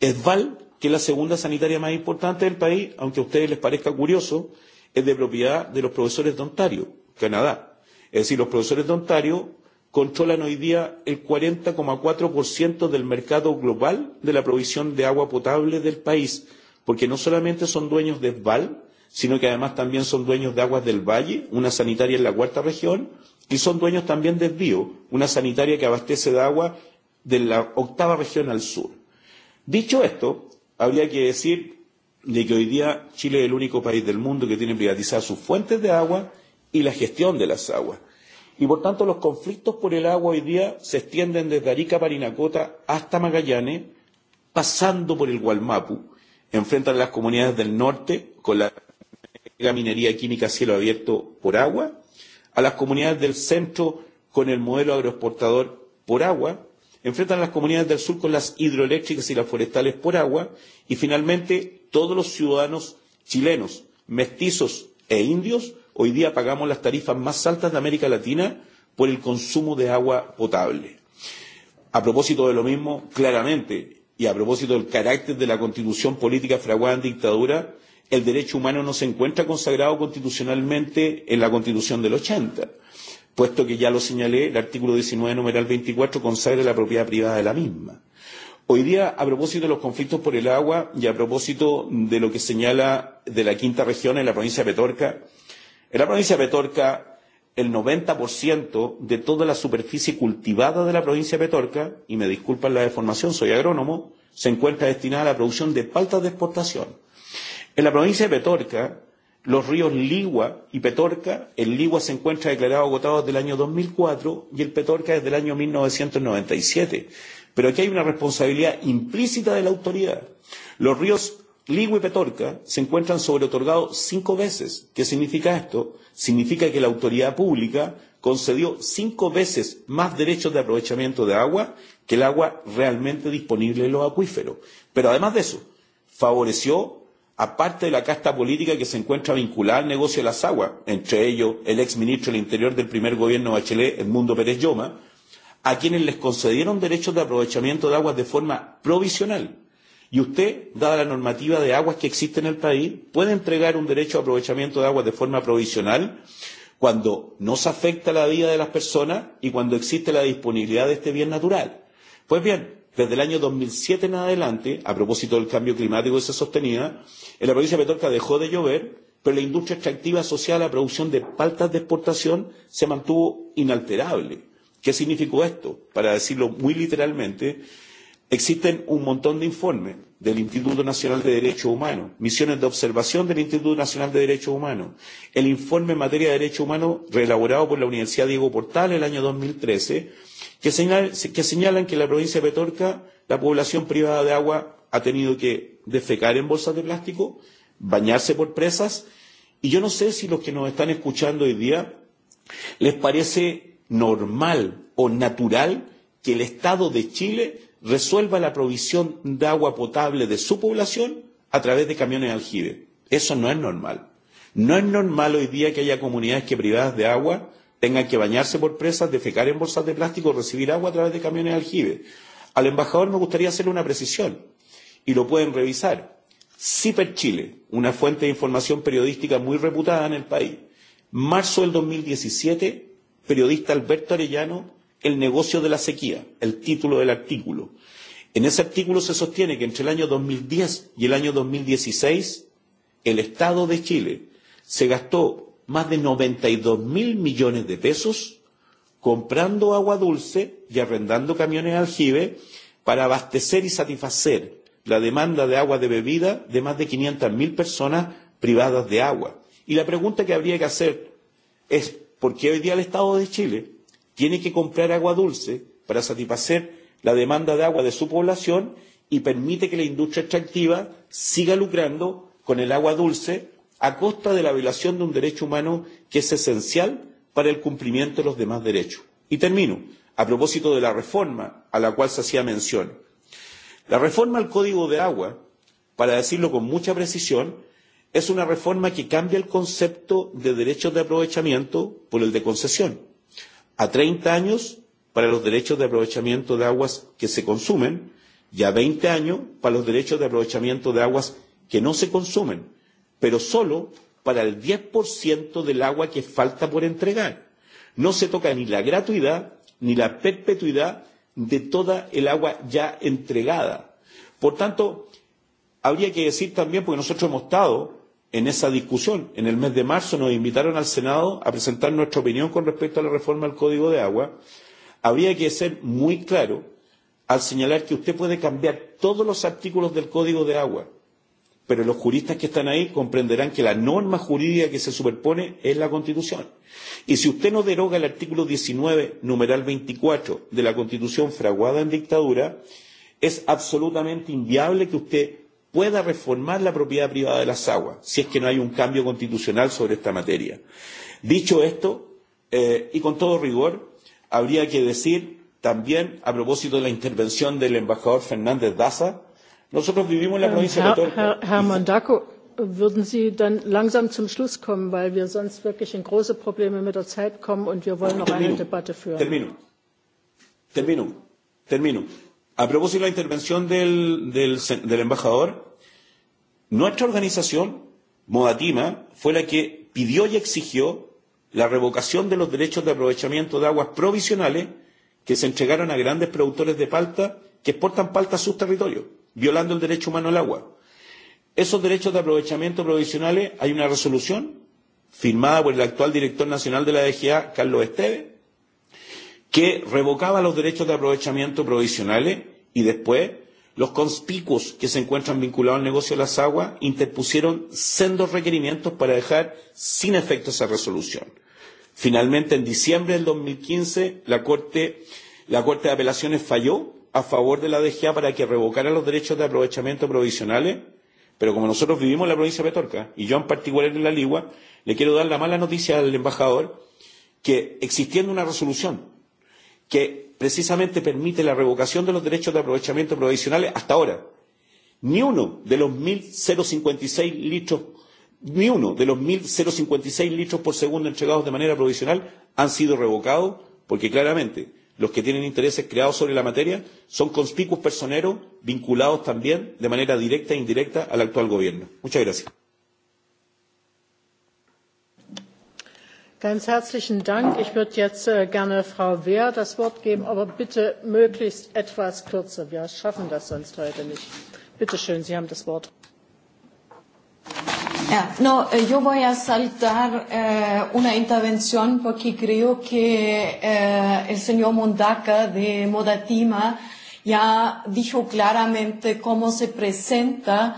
ESVAL, que es la segunda sanitaria más importante del país, aunque a ustedes les parezca curioso, es de propiedad de los profesores de Ontario, Canadá. Es decir, los profesores de Ontario controlan hoy día el 40,4% del mercado global de la provisión de agua potable del país, porque no solamente son dueños de ESVAL, sino que además también son dueños de Aguas del Valle, una sanitaria en la cuarta región, y son dueños también de Bio, una sanitaria que abastece de agua de la octava región al sur. Dicho esto, habría que decir de que hoy día Chile es el único país del mundo que tiene privatizadas sus fuentes de agua y la gestión de las aguas. Y por tanto los conflictos por el agua hoy día se extienden desde Arica Parinacota hasta Magallanes, pasando por el Gualmapu, enfrentan las comunidades del norte con la la minería química a cielo abierto por agua, a las comunidades del centro con el modelo agroexportador por agua, enfrentan a las comunidades del sur con las hidroeléctricas y las forestales por agua, y finalmente todos los ciudadanos chilenos, mestizos e indios, hoy día pagamos las tarifas más altas de América Latina por el consumo de agua potable. A propósito de lo mismo, claramente, y a propósito del carácter de la constitución política fraguada en dictadura, el derecho humano no se encuentra consagrado constitucionalmente en la Constitución del 80, puesto que ya lo señalé, el artículo 19, numeral 24, consagra la propiedad privada de la misma. Hoy día, a propósito de los conflictos por el agua y a propósito de lo que señala de la quinta región en la provincia de Petorca, en la provincia de Petorca el 90% de toda la superficie cultivada de la provincia de Petorca, y me disculpan la deformación, soy agrónomo, se encuentra destinada a la producción de paltas de exportación En la provincia de Petorca, los ríos Ligua y Petorca, el Ligua se encuentra declarado agotado desde el año 2004 y el Petorca desde el año 1997. Pero aquí hay una responsabilidad implícita de la autoridad. Los ríos Ligua y Petorca se encuentran sobreotorgados cinco veces. ¿Qué significa esto? Significa que la autoridad pública concedió cinco veces más derechos de aprovechamiento de agua que el agua realmente disponible en los acuíferos. Pero además de eso, favoreció aparte de la casta política que se encuentra vinculada al negocio de las aguas, entre ellos el exministro del Interior del primer gobierno de Bachelet, Edmundo Pérez Lloma, a quienes les concedieron derechos de aprovechamiento de aguas de forma provisional. Y usted, dada la normativa de aguas que existe en el país, puede entregar un derecho de aprovechamiento de aguas de forma provisional cuando no se afecta la vida de las personas y cuando existe la disponibilidad de este bien natural. Pues bien, Desde el año 2007 en adelante, a propósito del cambio climático que se sostenía, en la provincia de Petorca dejó de llover, pero la industria extractiva asociada a la producción de paltas de exportación se mantuvo inalterable. ¿Qué significó esto? Para decirlo muy literalmente, existen un montón de informes del Instituto Nacional de Derechos Humanos, misiones de observación del Instituto Nacional de Derechos Humanos, el informe en materia de derechos humanos reelaborado por la Universidad Diego Portal el año 2013, que, señal, que señalan que en la provincia de Petorca la población privada de agua ha tenido que defecar en bolsas de plástico, bañarse por presas, y yo no sé si los que nos están escuchando hoy día les parece normal o natural que el Estado de Chile resuelva la provisión de agua potable de su población a través de camiones aljibe. Eso no es normal. No es normal hoy día que haya comunidades que privadas de agua tengan que bañarse por presas, defecar en bolsas de plástico, recibir agua a través de camiones de aljibe. Al embajador me gustaría hacerle una precisión y lo pueden revisar. CIPER Chile, una fuente de información periodística muy reputada en el país. Marzo del 2017, periodista Alberto Arellano, El negocio de la sequía, el título del artículo. En ese artículo se sostiene que entre el año 2010 y el año 2016, el Estado de Chile se gastó más de 92 mil millones de pesos comprando agua dulce y arrendando camiones aljibe para abastecer y satisfacer la demanda de agua de bebida de más de 500 mil personas privadas de agua. Y la pregunta que habría que hacer es, ¿por qué hoy día el Estado de Chile tiene que comprar agua dulce para satisfacer la demanda de agua de su población y permite que la industria extractiva siga lucrando con el agua dulce a costa de la violación de un derecho humano que es esencial para el cumplimiento de los demás derechos. Y termino, a propósito de la reforma a la cual se hacía mención. La reforma al Código de Agua, para decirlo con mucha precisión, es una reforma que cambia el concepto de derechos de aprovechamiento por el de concesión. A 30 años para los derechos de aprovechamiento de aguas que se consumen y a 20 años para los derechos de aprovechamiento de aguas que no se consumen pero solo para el 10% del agua que falta por entregar. No se toca ni la gratuidad ni la perpetuidad de toda el agua ya entregada. Por tanto, habría que decir también, porque nosotros hemos estado en esa discusión, en el mes de marzo nos invitaron al Senado a presentar nuestra opinión con respecto a la reforma del Código de Agua, habría que ser muy claro al señalar que usted puede cambiar todos los artículos del Código de Agua, pero los juristas que están ahí comprenderán que la norma jurídica que se superpone es la Constitución. Y si usted no deroga el artículo 19, numeral 24 de la Constitución fraguada en dictadura, es absolutamente inviable que usted pueda reformar la propiedad privada de las aguas, si es que no hay un cambio constitucional sobre esta materia. Dicho esto, eh, y con todo rigor, habría que decir también, a propósito de la intervención del embajador Fernández Daza, Nosotros vivimos en la ähm, provincia Herr, de Torco. würden Sie dann langsam zum Schluss kommen, weil wir sonst wirklich in große Probleme mit der Zeit kommen und wir wollen noch termino, eine Debatte führen. Termino. Termino. Termino. A propósito de la intervención del, del, del embajador, nuestra organización, Modatima, fue la que pidió y exigió la revocación de los derechos de aprovechamiento de aguas provisionales que se entregaron a grandes productores de palta que exportan palta a sus territorios violando el derecho humano al agua. Esos derechos de aprovechamiento provisionales, hay una resolución firmada por el actual director nacional de la DGA, Carlos Esteves, que revocaba los derechos de aprovechamiento provisionales y después los conspicuos que se encuentran vinculados al negocio de las aguas interpusieron sendos requerimientos para dejar sin efecto esa resolución. Finalmente, en diciembre del 2015, la Corte, la Corte de Apelaciones falló a favor de la DGA para que revocara los derechos de aprovechamiento provisionales, pero como nosotros vivimos en la provincia de Petorca, y yo en particular en la Ligua, le quiero dar la mala noticia al embajador que existiendo una resolución que precisamente permite la revocación de los derechos de aprovechamiento provisionales hasta ahora, ni uno de los 1.056 litros ni uno de los 1.056 litros por segundo entregados de manera provisional han sido revocados porque claramente los que tienen intereses creados sobre la materia son conspicuos personeros vinculados también de manera directa e indirecta al actual gobierno. Muchas gracias. Ganz herzlichen Dank. Ich würde jetzt äh, gerne Frau Wehr das Wort geben, aber bitte möglichst etwas kürzer. Wir schaffen das sonst heute nicht. Bitte schön, Sie haben das Wort. Ja, No, eh, yo voy a saltar eh, una intervención porque creo que eh, el señor Mondaca de Modatima ya dijo claramente cómo se presenta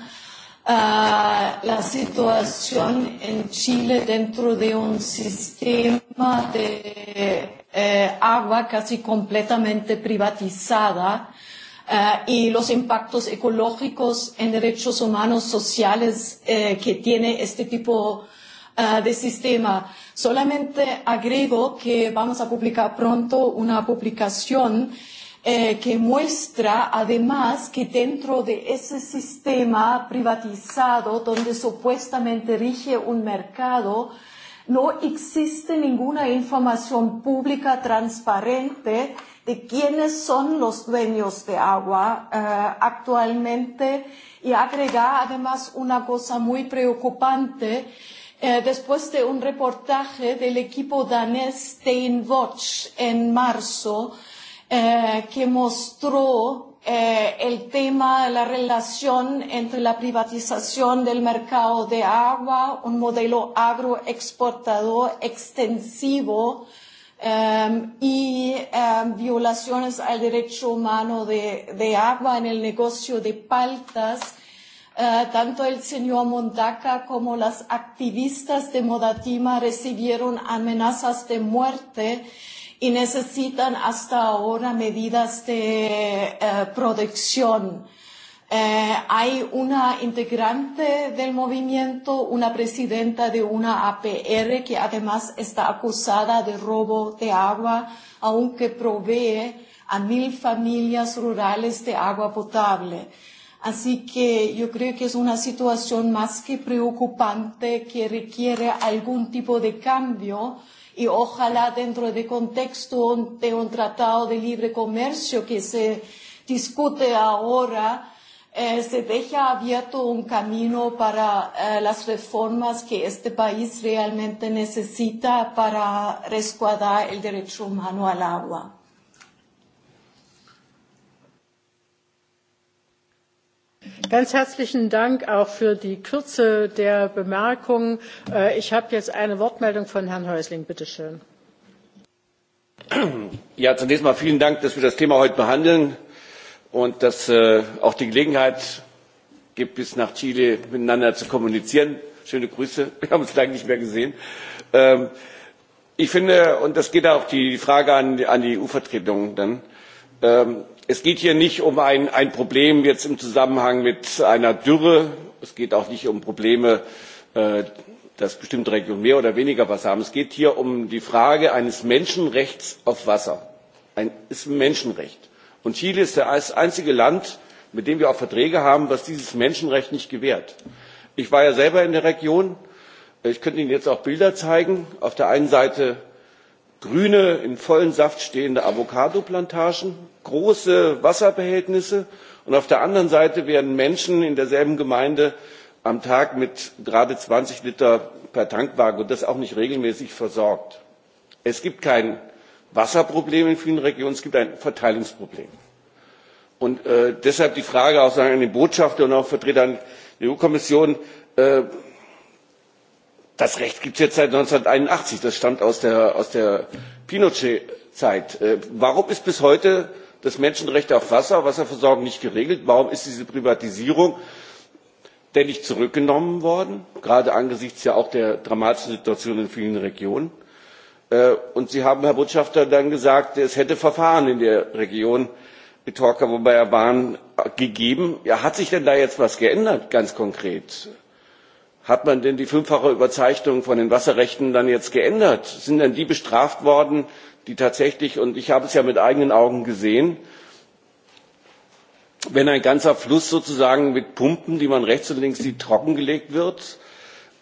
uh, la situación en Chile dentro de un sistema de eh, agua casi completamente privatizada. Uh, eh, y los impactos ecológicos en derechos humanos sociales eh, que tiene este tipo eh, de sistema. Solamente agrego que vamos a publicar pronto una publicación eh, que muestra además que dentro de ese sistema privatizado donde supuestamente rige un mercado, no existe ninguna información pública transparente de quiénes son los dueños de agua uh, actualmente y agrega además una cosa muy preocupante eh, después de un reportaje del equipo danés Steinwatch en marzo eh, que mostró eh, el tema, de la relación entre la privatización del mercado de agua, un modelo agroexportador extensivo, eh, um, y um, violaciones al derecho humano de, de agua en el negocio de paltas. Uh, tanto el señor Mondaca como las activistas de Modatima recibieron amenazas de muerte y necesitan hasta ahora medidas de uh, protección. Eh, hay una integrante del movimiento, una presidenta de una APR que además está acusada de robo de agua, aunque provee a mil familias rurales de agua potable. Así que yo creo que es una situación más que preocupante que requiere algún tipo de cambio y ojalá dentro del contexto de un tratado de libre comercio que se discute ahora, eh, se deja abierto un camino para eh, las reformas que este país realmente necesita para resguardar el derecho humano al agua. Ganz herzlichen Dank auch für die Kürze der Bemerkung. Äh, ich habe jetzt eine Wortmeldung von Herrn Häusling. Bitte schön. Ja, zunächst mal vielen Dank, dass wir das Thema heute behandeln und dass äh, auch die Gelegenheit gibt, bis nach Chile miteinander zu kommunizieren. Schöne Grüße, wir haben uns lange nicht mehr gesehen. Ähm, ich finde, und das geht auch die Frage an, die EU-Vertretung dann, ähm, es geht hier nicht um ein, ein Problem jetzt im Zusammenhang mit einer Dürre. Es geht auch nicht um Probleme, äh, dass bestimmte Regionen mehr oder weniger Wasser haben. Es geht hier um die Frage eines Menschenrechts auf Wasser. Ein, ist ein Menschenrecht und chile ist das einzige land mit dem wir auch verträge haben das dieses menschenrecht nicht gewährt. ich war ja selber in der region ich könnte ihnen jetzt auch bilder zeigen auf der einen seite grüne in vollem saft stehende avocadoplantagen große wasserbehältnisse und auf der anderen seite werden menschen in derselben gemeinde am tag mit gerade zwanzig litern per tankwagen und das auch nicht regelmäßig versorgt. es gibt kein Wasserproblem in vielen Regionen, es gibt ein Verteilungsproblem. Und äh, deshalb die Frage auch sagen, an den Botschafter und auch Vertreter der EU-Kommission, äh, das Recht gibt es jetzt seit 1981, das stammt aus der, aus der Pinochet-Zeit. Äh, warum ist bis heute das Menschenrecht auf Wasser, Wasserversorgung nicht geregelt? Warum ist diese Privatisierung denn nicht zurückgenommen worden, gerade angesichts ja auch der dramatischen Situation in vielen Regionen? Äh, und Sie haben, Herr Botschafter, dann gesagt, es hätte Verfahren in der Region Talker, wobei er Bahn gegeben. hat sich denn da jetzt was geändert, ganz konkret? Hat man denn die fünffache Überzeichnung von den Wasserrechten dann jetzt geändert? Sind denn die bestraft worden, die tatsächlich, und ich habe es ja mit eigenen Augen gesehen, wenn ein ganzer Fluss sozusagen mit Pumpen, die man rechts und links sieht, trockengelegt wird,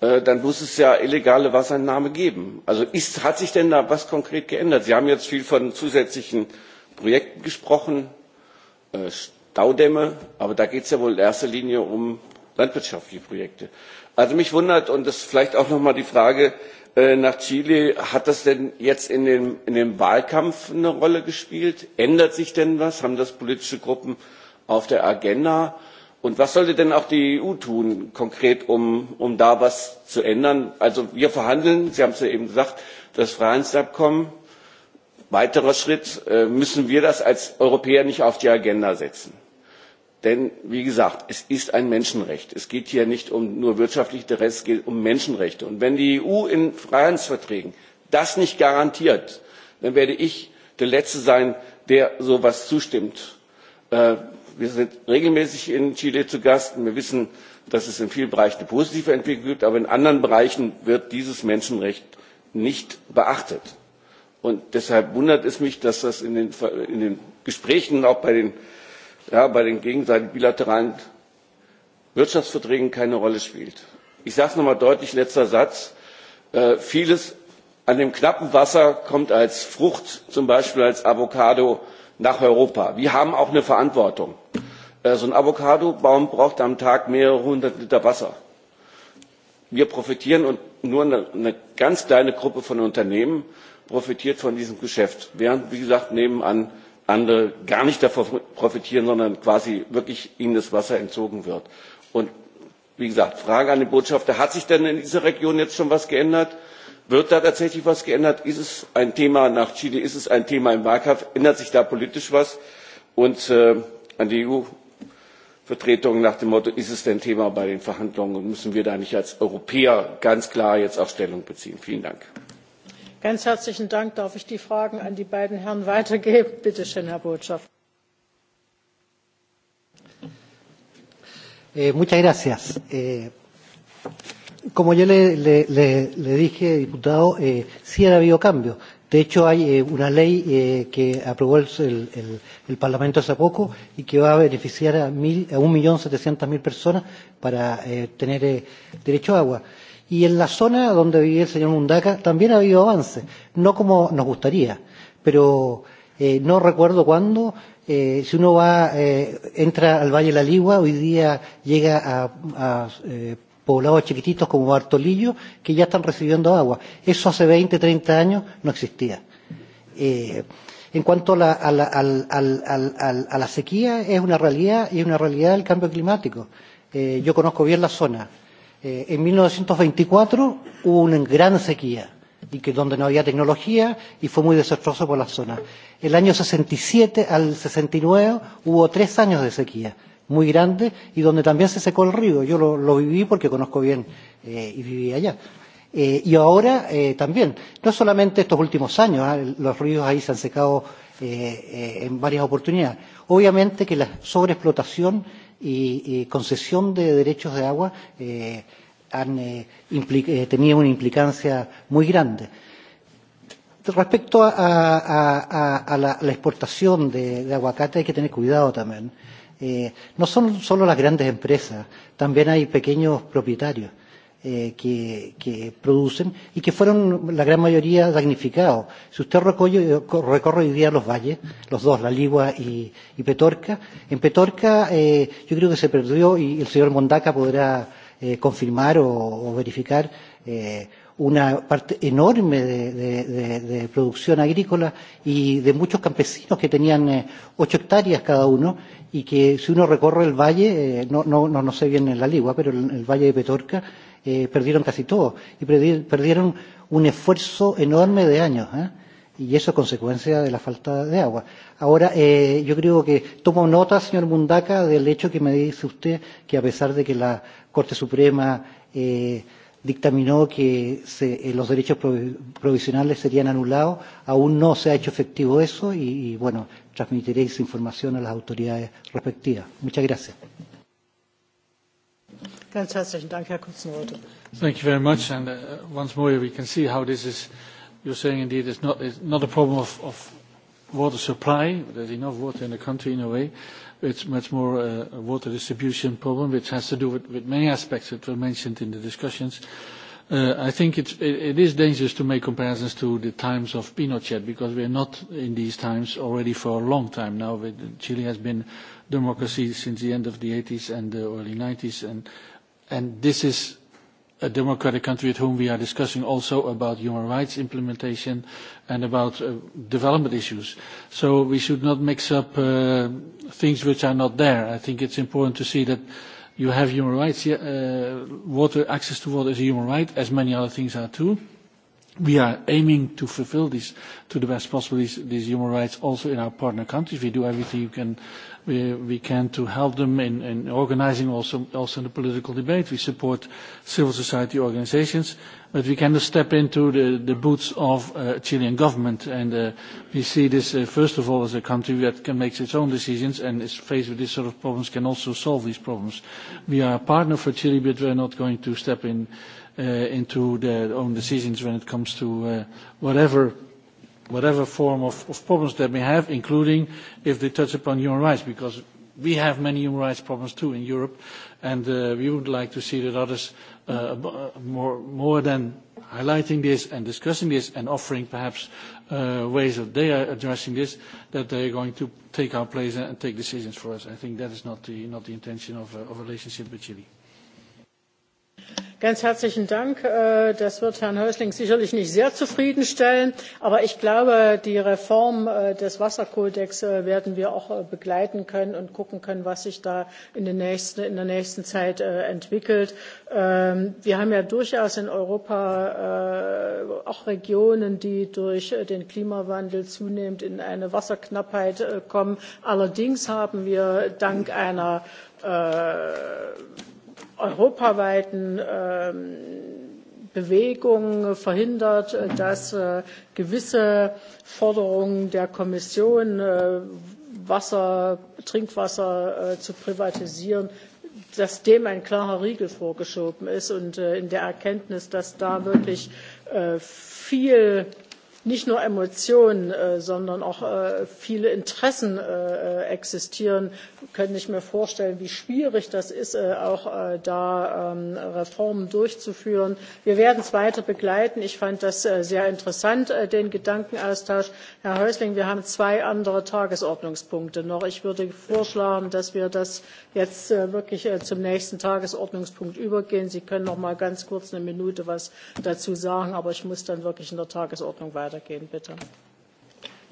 Äh, dann muss es ja illegale wasserentnahme geben. also hat sich denn da etwas konkret geändert? sie haben jetzt viel von zusätzlichen projekten gesprochen äh, staudämme aber da geht es ja wohl in erster linie um landwirtschaftliche projekte. also mich wundert und das ist vielleicht auch noch mal die frage äh, nach chile hat das denn jetzt in dem, in dem wahlkampf eine rolle gespielt? ändert sich denn was? haben das politische gruppen auf der agenda? Und was sollte denn auch die EU tun, konkret, um, um da was zu ändern? Also wir verhandeln, Sie haben es ja eben gesagt, das Freihandelsabkommen. Weiterer Schritt, äh, müssen wir das als Europäer nicht auf die Agenda setzen? Denn, wie gesagt, es ist ein Menschenrecht. Es geht hier nicht um nur wirtschaftliche Interessen, es geht um Menschenrechte. Und wenn die EU in Freihandelsverträgen das nicht garantiert, dann werde ich der Letzte sein, der so etwas zustimmt. Äh, wir sind regelmäßig in chile zu gast und wir wissen dass es in vielen bereichen eine positive entwicklung gibt aber in anderen bereichen wird dieses menschenrecht nicht beachtet. Und deshalb wundert es mich dass das in den, in den gesprächen auch bei den, ja, bei den gegenseitigen bilateralen wirtschaftsverträgen keine rolle spielt. ich sage es nochmal deutlich letzter satz äh, vieles an dem knappen wasser kommt als frucht zum beispiel als avocado nach Europa. Wir haben auch eine Verantwortung. Äh, so ein Avocado-Baum braucht am Tag mehrere hundert Liter Wasser. Wir profitieren und nur eine, eine ganz kleine Gruppe von Unternehmen profitiert von diesem Geschäft, während, wie gesagt, nebenan andere gar nicht davon profitieren, sondern quasi wirklich ihnen das Wasser entzogen wird. Und wie gesagt, Frage an den Botschafter, hat sich denn in dieser Region jetzt schon was geändert? wird da tatsächlich etwas geändert? ist es ein thema nach chile? ist es ein thema im wahlkampf? ändert sich da politisch etwas? und äh, an die eu vertretung nach dem motto ist es denn thema bei den verhandlungen und müssen wir da nicht als europäer ganz klar jetzt auch stellung beziehen? vielen dank. ganz herzlichen dank. darf ich die fragen an die beiden herren weitergeben? bitte schön herr botschafter. Eh, muchas gracias. Eh, como yo le, le, le, le dije, diputado, eh, sí ha habido cambios. De hecho, hay eh, una ley eh, que aprobó el, el, el Parlamento hace poco y que va a beneficiar a, mil, a 1.700.000 personas para eh, tener eh, derecho a agua. Y en la zona donde vivía el señor Mundaca también ha habido avances, no como nos gustaría, pero eh, no recuerdo cuándo. Eh, si uno va, eh, entra al Valle de la Ligua, hoy día llega a, a eh, poblados chiquititos como Bartolillo, que ya están recibiendo agua. Eso hace 20, 30 años no existía. Eh, en cuanto a la, a, la, al, al, al, al, a la sequía, es una realidad y es una realidad del cambio climático. Eh, yo conozco bien la zona. Eh, en 1924 hubo una gran sequía y que donde no había tecnología y fue muy desastroso por la zona. El año 67 al 69 hubo tres años de sequía muy grande y donde también se secó el río. Yo lo, lo viví porque conozco bien eh, y viví allá. Eh, y ahora eh, también, no solamente estos últimos años, ¿eh? los ríos ahí se han secado eh, eh, en varias oportunidades. Obviamente que la sobreexplotación y, y concesión de derechos de agua eh, han eh, eh, tenido una implicancia muy grande. Respecto a, a, a, a la, la exportación de, de aguacate hay que tener cuidado también. Eh, no son solo las grandes empresas, también hay pequeños propietarios eh, que, que producen y que fueron la gran mayoría damnificados. Si usted recorre, recorre hoy día los valles, los dos, La Ligua y, y Petorca, en Petorca eh, yo creo que se perdió y el señor Mondaca podrá eh, confirmar o, o verificar eh, una parte enorme de, de, de, de producción agrícola y de muchos campesinos que tenían eh, ocho hectáreas cada uno y que si uno recorre el valle, eh, no, no, no, no sé bien en la Ligua, pero en el valle de Petorca, eh, perdieron casi todo y perdi perdieron un esfuerzo enorme de años. ¿eh? Y eso es consecuencia de la falta de agua. Ahora, eh, yo creo que tomo nota, señor Mundaca, del hecho que me dice usted que a pesar de que la Corte Suprema eh, dictaminó que se, eh, los derechos provisionales serían anulados. Aún no se ha hecho efectivo eso y, y bueno, transmitiré esa información a las autoridades respectivas. Muchas gracias. Ganz herzlichen Dank, Herr Kutzenreuth. Thank you very much. And uh, once more, we can see how this is, you're saying indeed, it's not, it's not a problem of, of water supply. There's enough water in the country in a way. It's much more uh, a water distribution problem, which has to do with, with many aspects that were mentioned in the discussions. Uh, Uh, I think it, it is dangerous to make comparisons to the times of Pinochet because we are not in these times already for a long time now. Chile has been democracy since the end of the 80s and the early 90s, and, and this is a democratic country with whom we are discussing also about human rights implementation and about uh, development issues. So we should not mix up uh, things which are not there. I think it's important to see that You have human rights. Uh, water, access to water is a human right, as many other things are too we are aiming to fulfill these to the best possible these, these human rights also in our partner countries. We do everything you can, we, we can to help them in, in organizing also, also in the political debate. We support civil society organizations, but we cannot step into the, the boots of uh, Chilean government. And uh, we see this, uh, first of all, as a country that can make its own decisions and is faced with this sort of problems, can also solve these problems. We are a partner for Chile, but we are not going to step in Uh, into their own decisions when it comes to uh, whatever whatever form of, problems they may have, including if they touch upon human rights, because we have many human rights problems too in Europe, and uh, we would like to see that others, more, than highlighting this and discussing this and offering perhaps ways that they are addressing this, that they are going to take our place and take decisions for us. I think that is not the, not the intention of of a relationship with Chile. Ganz herzlichen Dank. Äh, das wird Herrn Häusling sicherlich nicht sehr zufriedenstellen, aber ich glaube, die Reform äh, des Wasserkodex äh, werden wir auch begleiten können und gucken können, was sich da in, in der nächsten Zeit entwickelt. Ähm, wir haben ja durchaus in Europa auch Regionen, die durch den Klimawandel zunehmend in eine Wasserknappheit kommen. Allerdings haben wir dank einer europaweiten ähm, Bewegung verhindert, äh, dass äh, gewisse Forderungen der Kommission, äh, Wasser, Trinkwasser zu privatisieren, dass dem ein klarer Riegel vorgeschoben ist und in der Erkenntnis, dass da wirklich viel nicht nur Emotionen, äh, sondern auch äh, viele Interessen äh, existieren, Können ich mir vorstellen, wie schwierig das ist, auch da ähm, Reformen durchzuführen. Wir werden es weiter begleiten. Ich fand das sehr interessant, den Gedankenaustausch. Herr Häusling, wir haben zwei andere Tagesordnungspunkte noch. Ich würde vorschlagen, dass wir das jetzt wirklich zum nächsten Tagesordnungspunkt übergehen. Sie können noch mal ganz kurz eine Minute was dazu sagen, aber ich muss dann wirklich in der Tagesordnung weiter weitergehen. Bitte.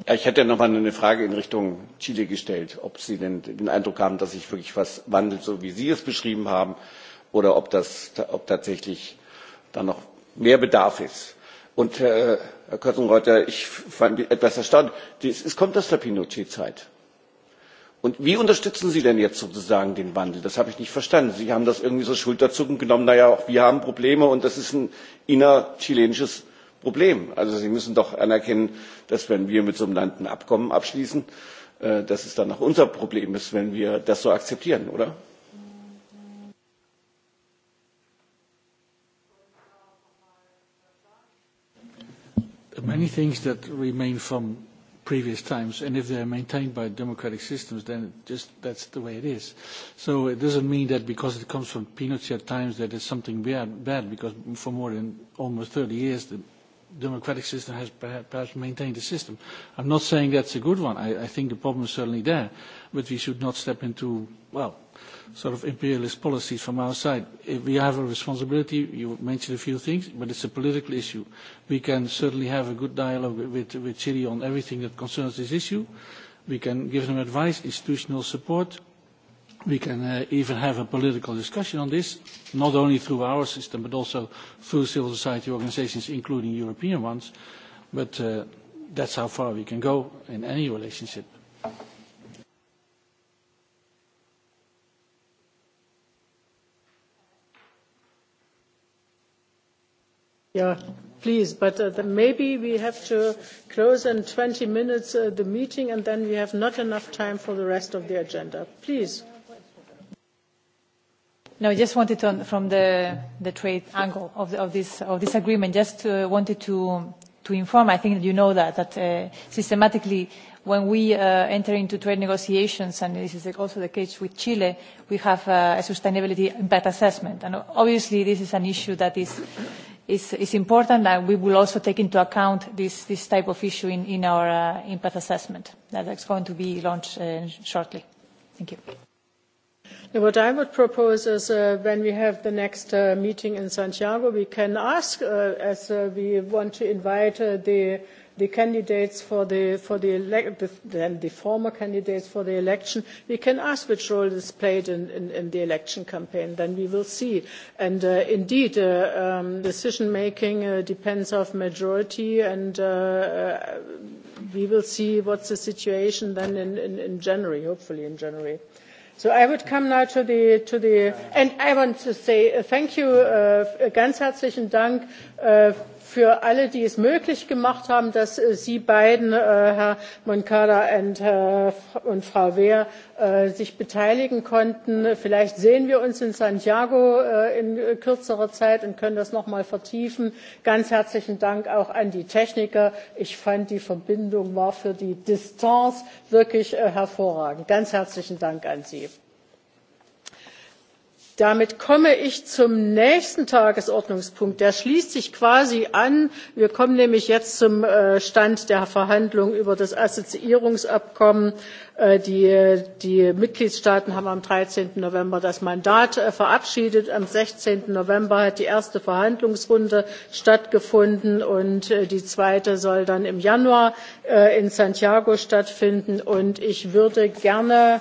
Ja, ich hätte noch mal eine Frage in Richtung Chile gestellt, ob Sie denn den Eindruck haben, dass sich wirklich was wandelt, so wie Sie es beschrieben haben, oder ob, das, ob tatsächlich da noch mehr Bedarf ist. Und äh, Herr Kötzenreuther, ich fand etwas erstaunt. Dies, es kommt aus der Pinochet-Zeit. Und wie unterstützen Sie denn jetzt sozusagen den Wandel? Das habe ich nicht verstanden. Sie haben das irgendwie so schulterzuckend genommen. Naja, auch wir haben Probleme und das ist ein innerchilenisches Problem. Problem. Also Sie müssen doch anerkennen, dass wenn wir mit so einem Land ein Abkommen abschließen, äh, dass es dann auch unser Problem ist, wenn wir das so akzeptieren, oder? Many things that remain from previous times, and if they are maintained by democratic systems, then just that's the way it is. So it doesn't mean that because it comes from Pinochet times that it's something bad, bad because for more than almost 30 years the democratic system has perhaps maintained the system. I'm not saying that's a good one. I, I think the problem is certainly there, but we should not step into, well, sort of imperialist policies from our side. If we have a responsibility. You mentioned a few things, but it's a political issue. We can certainly have a good dialogue with, with Chile on everything that concerns this issue. We can give them advice, institutional support, we can uh, even have a political discussion on this, not only through our system, but also through civil society organizations, including European ones. But uh, that's how far we can go in any relationship. Yeah, please, but uh, maybe we have to close in 20 minutes uh, the meeting and then we have not enough time for the rest of the agenda. Please. No, I just wanted to, from the, the trade angle of, the, of, this, of this agreement, just uh, wanted to, to inform, I think you know that, that uh, systematically when we uh, enter into trade negotiations, and this is also the case with Chile, we have uh, a sustainability impact assessment. And obviously this is an issue that is, is, is important, and we will also take into account this, this type of issue in, in our uh, impact assessment that is going to be launched uh, shortly. Thank you what I would propose is uh, when we have the next uh, meeting in Santiago, we can ask, uh, as uh, we want to invite uh, the the candidates for the for the then the former candidates for the election we can ask which role is played in, in, in the election campaign then we will see and uh, indeed uh, um, decision making uh, depends of majority and uh, uh we will see what's the situation then in, in, in January hopefully in January So I would come now to the, to the, and I want to say uh, thank you, uh, uh, ganz herzlichen Dank uh, für alle, die es möglich gemacht haben, dass äh, Sie beiden, äh, Herr Moncada äh, und, Frau Wehr, sich beteiligen konnten. Vielleicht sehen wir uns in Santiago in kürzerer Zeit und können das noch mal vertiefen. Ganz herzlichen Dank auch an die Techniker. Ich fand, die Verbindung war für die Distanz wirklich hervorragend. Ganz herzlichen Dank an Sie damit komme ich zum nächsten tagesordnungspunkt der schließt sich quasi an wir kommen nämlich jetzt zum äh, stand der verhandlungen über das assoziierungsabkommen äh, die, die mitgliedstaaten haben am. dreizehn november das mandat äh, verabschiedet am. sechzehn november hat die erste verhandlungsrunde stattgefunden und die zweite soll dann im januar in santiago stattfinden und ich würde gerne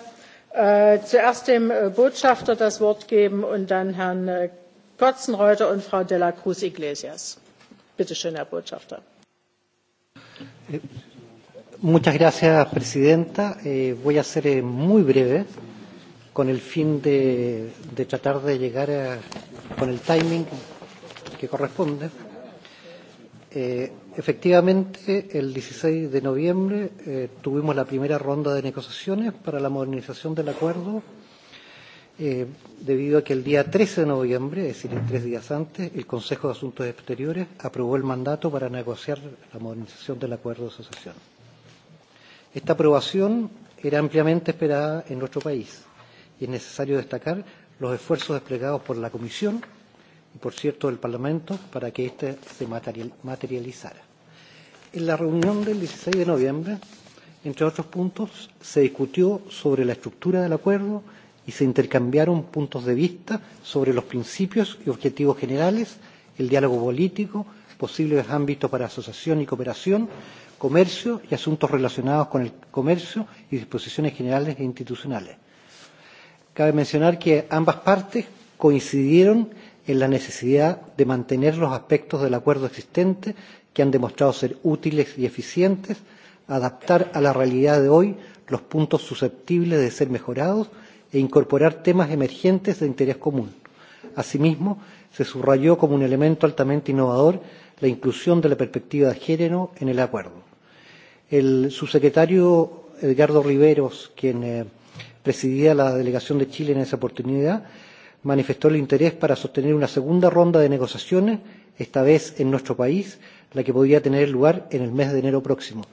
Äh, zuerst dem äh, Botschafter das Wort geben und dann Herrn äh, Kotzenreuter und Frau de la Cruz Iglesias. Bitte schön, Herr Botschafter. Muchas gracias, Presidenta. Eh, voy a ser eh, muy breve con el fin de, de tratar de llegar a, con el timing que corresponde. Eh, Efectivamente, el 16 de noviembre eh, tuvimos la primera ronda de negociaciones para la modernización del acuerdo, eh, debido a que el día 13 de noviembre, es decir, tres días antes, el Consejo de Asuntos Exteriores aprobó el mandato para negociar la modernización del acuerdo de asociación. Esta aprobación era ampliamente esperada en nuestro país y es necesario destacar los esfuerzos desplegados por la Comisión y por cierto del Parlamento para que éste se materializara. En la reunión del 16 de noviembre, entre otros puntos, se discutió sobre la estructura del acuerdo y se intercambiaron puntos de vista sobre los principios y objetivos generales, el diálogo político, posibles ámbitos para asociación y cooperación, comercio y asuntos relacionados con el comercio y disposiciones generales e institucionales. Cabe mencionar que ambas partes coincidieron en la necesidad de mantener los aspectos del acuerdo existente que han demostrado ser útiles y eficientes, adaptar a la realidad de hoy los puntos susceptibles de ser mejorados e incorporar temas emergentes de interés común. Asimismo, se subrayó como un elemento altamente innovador la inclusión de la perspectiva de género en el acuerdo. El subsecretario Edgardo Riveros, quien eh, presidía la delegación de Chile en esa oportunidad, manifestó el interés para sostener una segunda ronda de negociaciones, esta vez en nuestro país, la que podría tener lugar en el mes de enero próximo.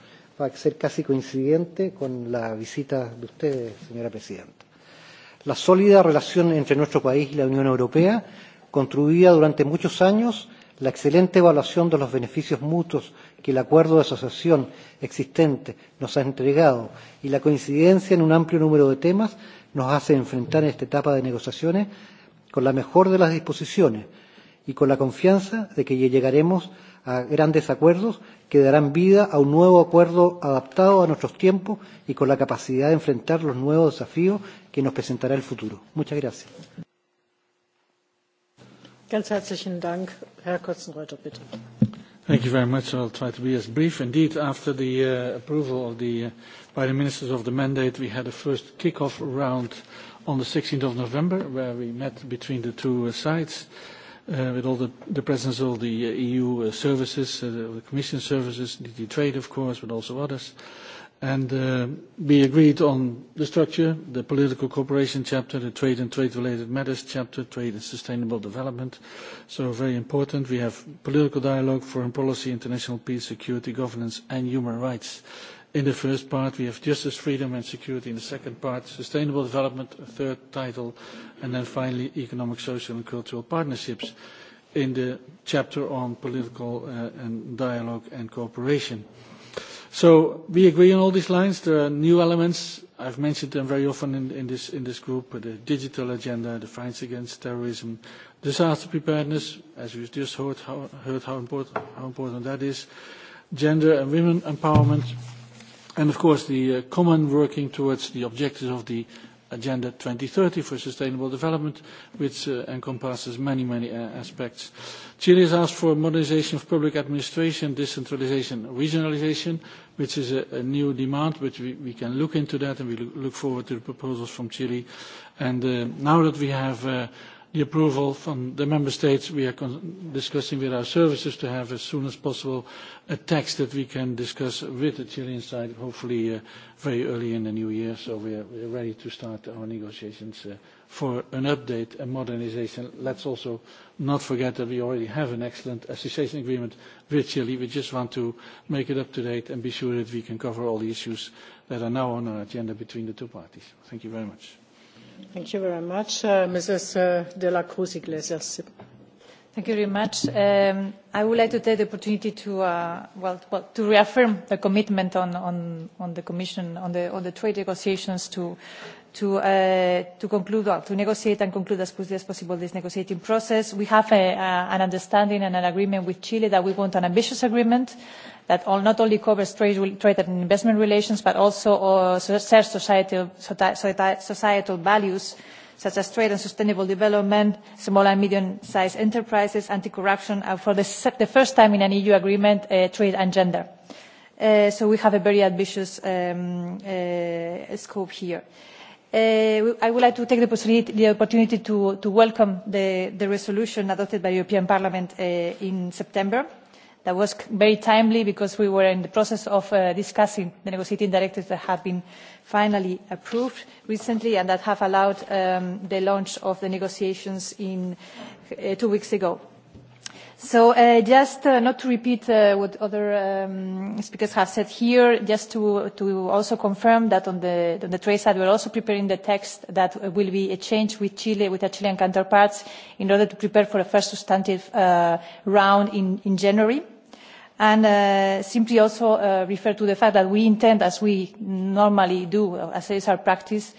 Va a ser casi coincidente con la visita de ustedes, señora presidenta. La sólida relación entre nuestro país y la Unión Europea construía durante muchos años la excelente evaluación de los beneficios mutuos que el acuerdo de asociación existente nos ha entregado y la coincidencia en un amplio número de temas nos hace enfrentar en esta etapa de negociaciones con la mejor de las disposiciones y con la confianza de que llegaremos a grandes acuerdos que darán vida a un nuevo acuerdo adaptado a nuestros tiempos y con la capacidad de enfrentar los nuevos desafíos que nos presentará el futuro. Muchas gracias. Ganz herzlichen Dank. Herr Kotzenreuther, bitte. Thank you very much. I'll try to be as brief. Indeed, after the uh, approval of the, uh, by the ministers of the mandate, we had a first kick-off round on the 16th of November, where we met between the two uh, sides uh, with all the, the presence of the uh, EU services, the Commission services, DG Trade, of course, but also others. And we agreed on the structure, the political cooperation chapter, the trade and trade-related matters chapter, trade and sustainable development. So very important. We have political dialogue, foreign policy, international peace, security, governance, and human rights In the first part, we have justice, freedom and security. In the second part, sustainable development, a third title, and then finally, economic, social and cultural partnerships in the chapter on political uh, and dialogue and cooperation. So we agree on all these lines. There are new elements. I've mentioned them very often in, in, this, in this group, the digital agenda, the fights against terrorism, disaster preparedness, as we've just heard how, heard how, important, how important that is, gender and women empowerment, And of course, the uh, common working towards the objectives of the Agenda 2030 for Sustainable Development, which uh, encompasses many, many uh, aspects. Chile has asked for modernization of public administration, decentralization, regionalization, which is a, a new demand, but we, we can look into that, and we look forward to the proposals from Chile. And uh, now that we have uh, the approval from the member states. We are discussing with our services to have as soon as possible a text that we can discuss with the Chilean side, hopefully uh, very early in the new year. So we are, we are ready to start our negotiations uh, for an update and modernization. Let's also not forget that we already have an excellent association agreement with Chile. We just want to make it up to date and be sure that we can cover all the issues that are now on our agenda between the two parties. Thank you very much. I would like to take the opportunity to, uh, reaffirm the commitment of the Commission, on the, trade negotiations uh, to, conclude, well, to negotiate and conclude as quickly as possible this negotiating process. We have an understanding and an agreement with Chile that we want an ambitious agreement that all, not only covers trade, and investment relations, but also uh, societal, values such as trade and sustainable development, small and medium-sized enterprises, anti-corruption, and for the, first time in an EU agreement, uh, trade and gender. Uh, so we have a very ambitious um, scope here. I would like to take the opportunity, to, welcome the, resolution adopted by the European Parliament in September that was very timely because we were in the process of uh, discussing the negotiating directives that have been finally approved recently and that have allowed um, the launch of the negotiations in, uh, two weeks ago. So uh, just uh, not to repeat uh, what other um, speakers have said here, just to, to also confirm that on the, on the trade side, we're also preparing the text that will be a change with Chile, with our Chilean counterparts, in order to prepare for a first substantive uh, round in, in January. And uh, simply also uh, refer to the fact that we intend, as we normally do, as is our practice,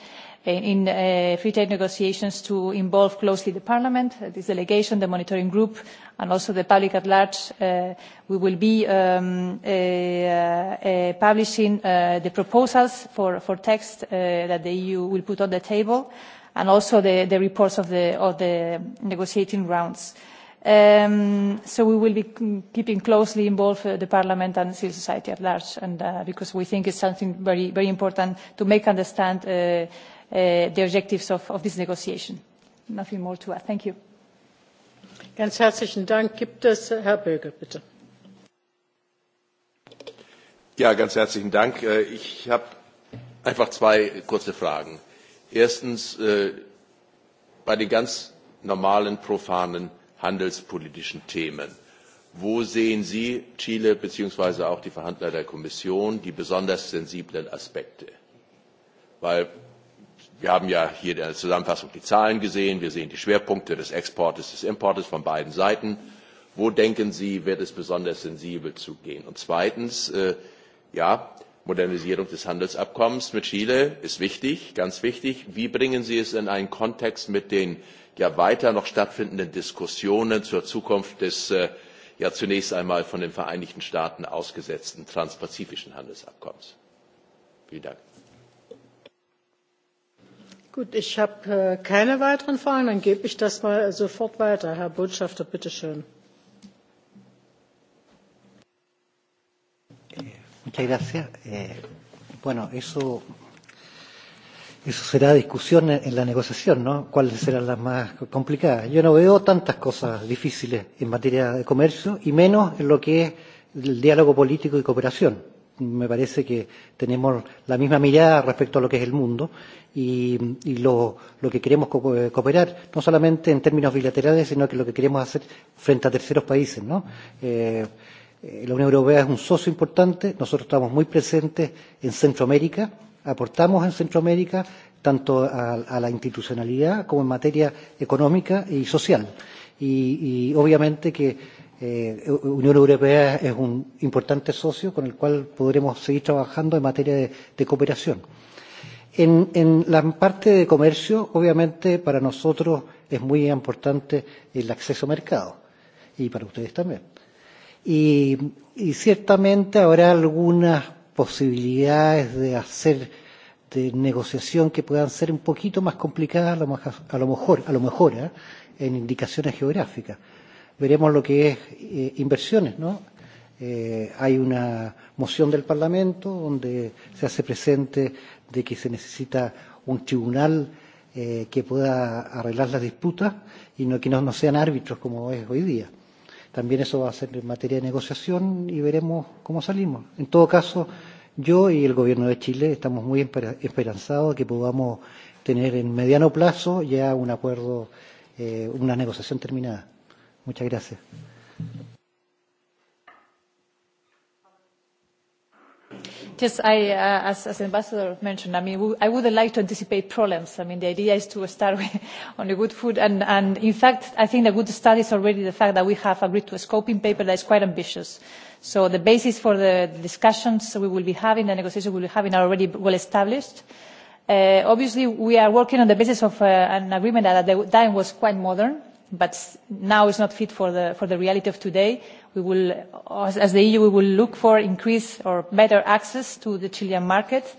in uh, free trade negotiations to involve closely the Parliament, uh, this delegation, the monitoring group, and also the public at large. Uh, we will be um, uh, uh, publishing uh, the proposals for, for text uh, that the EU will put on the table, and also the, the reports of the, of the negotiating rounds. Um, so we will be keeping closely involved uh, the parliament and civil society at large and uh, because we think it's something very very important to make understand uh, Uh, the objectives of, of this negotiation. Nothing more to add. Thank you. Ganz herzlichen Dank. Gibt es Herr Böge, bitte? Ja, ganz herzlichen Dank. Äh, ich habe einfach zwei kurze Fragen. Erstens, äh, bei den ganz normalen, profanen handelspolitischen Themen. Wo sehen Sie, Chile bzw. auch die Verhandler der Kommission, die besonders sensiblen Aspekte? Weil Wir haben ja hier in der Zusammenfassung die Zahlen gesehen. Wir sehen die Schwerpunkte des Exportes, des Importes von beiden Seiten. Wo denken Sie, wird es besonders sensibel zugehen? Und zweitens, äh, ja, Modernisierung des Handelsabkommens mit Chile ist wichtig, ganz wichtig. Wie bringen Sie es in einen Kontext mit den ja weiter noch stattfindenden Diskussionen zur Zukunft des äh, ja zunächst einmal von den Vereinigten Staaten ausgesetzten transpazifischen Handelsabkommens? Vielen Dank ich habe äh, keine weiteren Fragen. Dann gebe ich das mal sofort weiter. Herr Botschafter, eh, Muchas gracias. Eh, bueno, eso, eso será discusión en la negociación, ¿no? ¿Cuáles serán las más complicadas? Yo no veo tantas cosas difíciles en materia de comercio y menos en lo que es el diálogo político y cooperación me parece que tenemos la misma mirada respecto a lo que es el mundo y, y lo, lo que queremos eh, cooperar, no solamente en términos bilaterales, sino que lo que queremos hacer frente a terceros países. ¿no? Eh, eh, la Unión Europea es un socio importante, nosotros estamos muy presentes en Centroamérica, aportamos en Centroamérica tanto a, a la institucionalidad como en materia económica y social. Y, y obviamente que Eh, Unión Europea es un importante socio con el cual podremos seguir trabajando en materia de, de cooperación. En, en la parte de comercio, obviamente, para nosotros es muy importante el acceso a mercado y para ustedes también. Y, y ciertamente habrá algunas posibilidades de hacer de negociación que puedan ser un poquito más complicadas a lo, mejor, a lo mejor ¿eh? en indicaciones geográficas veremos lo que es eh, inversiones, ¿no? Eh, hay una moción del Parlamento donde se hace presente de que se necesita un tribunal eh, que pueda arreglar las disputas y no que no, no sean árbitros como es hoy día. También eso va a ser en materia de negociación y veremos cómo salimos. En todo caso, yo y el gobierno de Chile estamos muy esperanzados de que podamos tener en mediano plazo ya un acuerdo, eh, una negociación terminada. Muchas gracias. Yes, I, uh, as, as Ambassador mentioned, I mean, I wouldn't like to anticipate problems. I mean, the idea is to start with, on a good foot. And, and in fact, I think the good start is already the fact that we have agreed to a scoping paper that is quite ambitious. So the basis for the discussions we will be having, the negotiations we will be having are already well established. Uh, obviously, we are working on the basis of uh, an agreement that at the time was quite modern but now is not fit for the, for the reality of today. We will, as the EU, we will look for increased or better access to the Chilean market,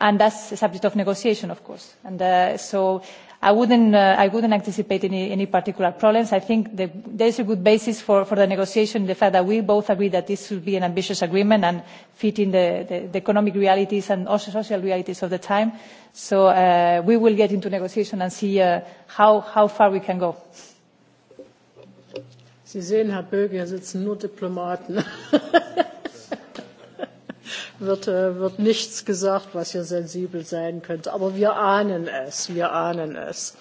and that's a subject of negotiation, of course. And uh, so I wouldn't, uh, I wouldn't anticipate any, any particular problems. I think the, there's a good basis for, for the negotiation, the fact that we both agree that this should be an ambitious agreement and fit in the, the, the economic realities and also social realities of the time. So uh, we will get into negotiation and see uh, how, how far we can go. Sie sehen, Herr Böge, hier sitzen nur Diplomaten. wird, äh, wird nichts gesagt, was hier sensibel sein könnte. Aber wir ahnen es, wir ahnen es.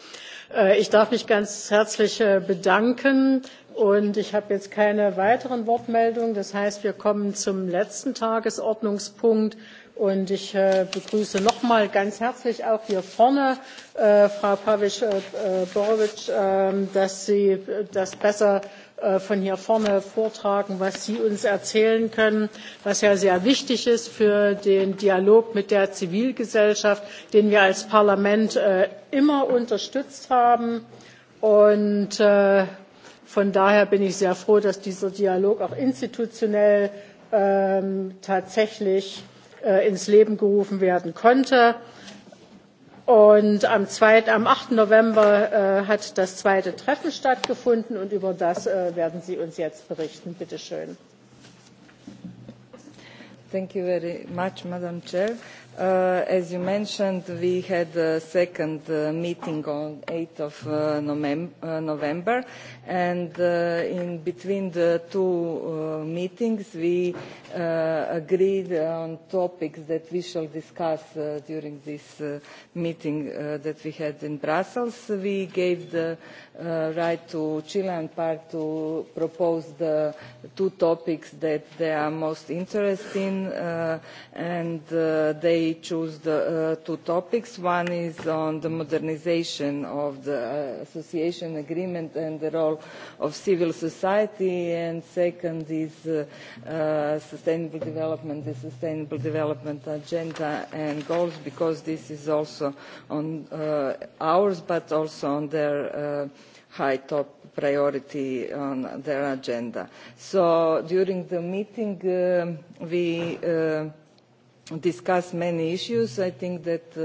Äh, ich darf mich ganz herzlich äh, bedanken. Und ich habe jetzt keine weiteren Wortmeldungen. Das heißt, wir kommen zum letzten Tagesordnungspunkt. Und ich äh, begrüße nochmal ganz herzlich auch hier vorne äh, Frau Pavic äh, äh Borovic, äh, dass sie das besser Äh, von hier vorne vortragen, was Sie uns erzählen können, was ja sehr wichtig ist für den Dialog mit der Zivilgesellschaft, den wir als Parlament äh, immer unterstützt haben. Und äh, von daher bin ich sehr froh, dass dieser Dialog auch institutionell ähm, tatsächlich ins Leben gerufen werden konnte. Und am, 2., am 8. November äh, hat das zweite Treffen stattgefunden und über das äh, werden Sie uns jetzt berichten. Bitte schön. Thank you very much, Madam Chair. Uh, as you mentioned, we had a second uh, meeting on 8th of uh, uh, November, and uh, in between the two meetings, we agreed on topics that we shall discuss during this meeting that we had in Brussels. We gave the uh, right to Chilean part to propose the two topics that they are most interested in, uh, and uh, they choose the uh, two topics. One is on the modernization of the association agreement and the role of civil society, and second is uh, uh, sustainable development, the sustainable development agenda and goals, because this is also on uh, ours, but also on their uh, high top priority on their agenda. So during the meeting, um, we um, discussed many issues. I think that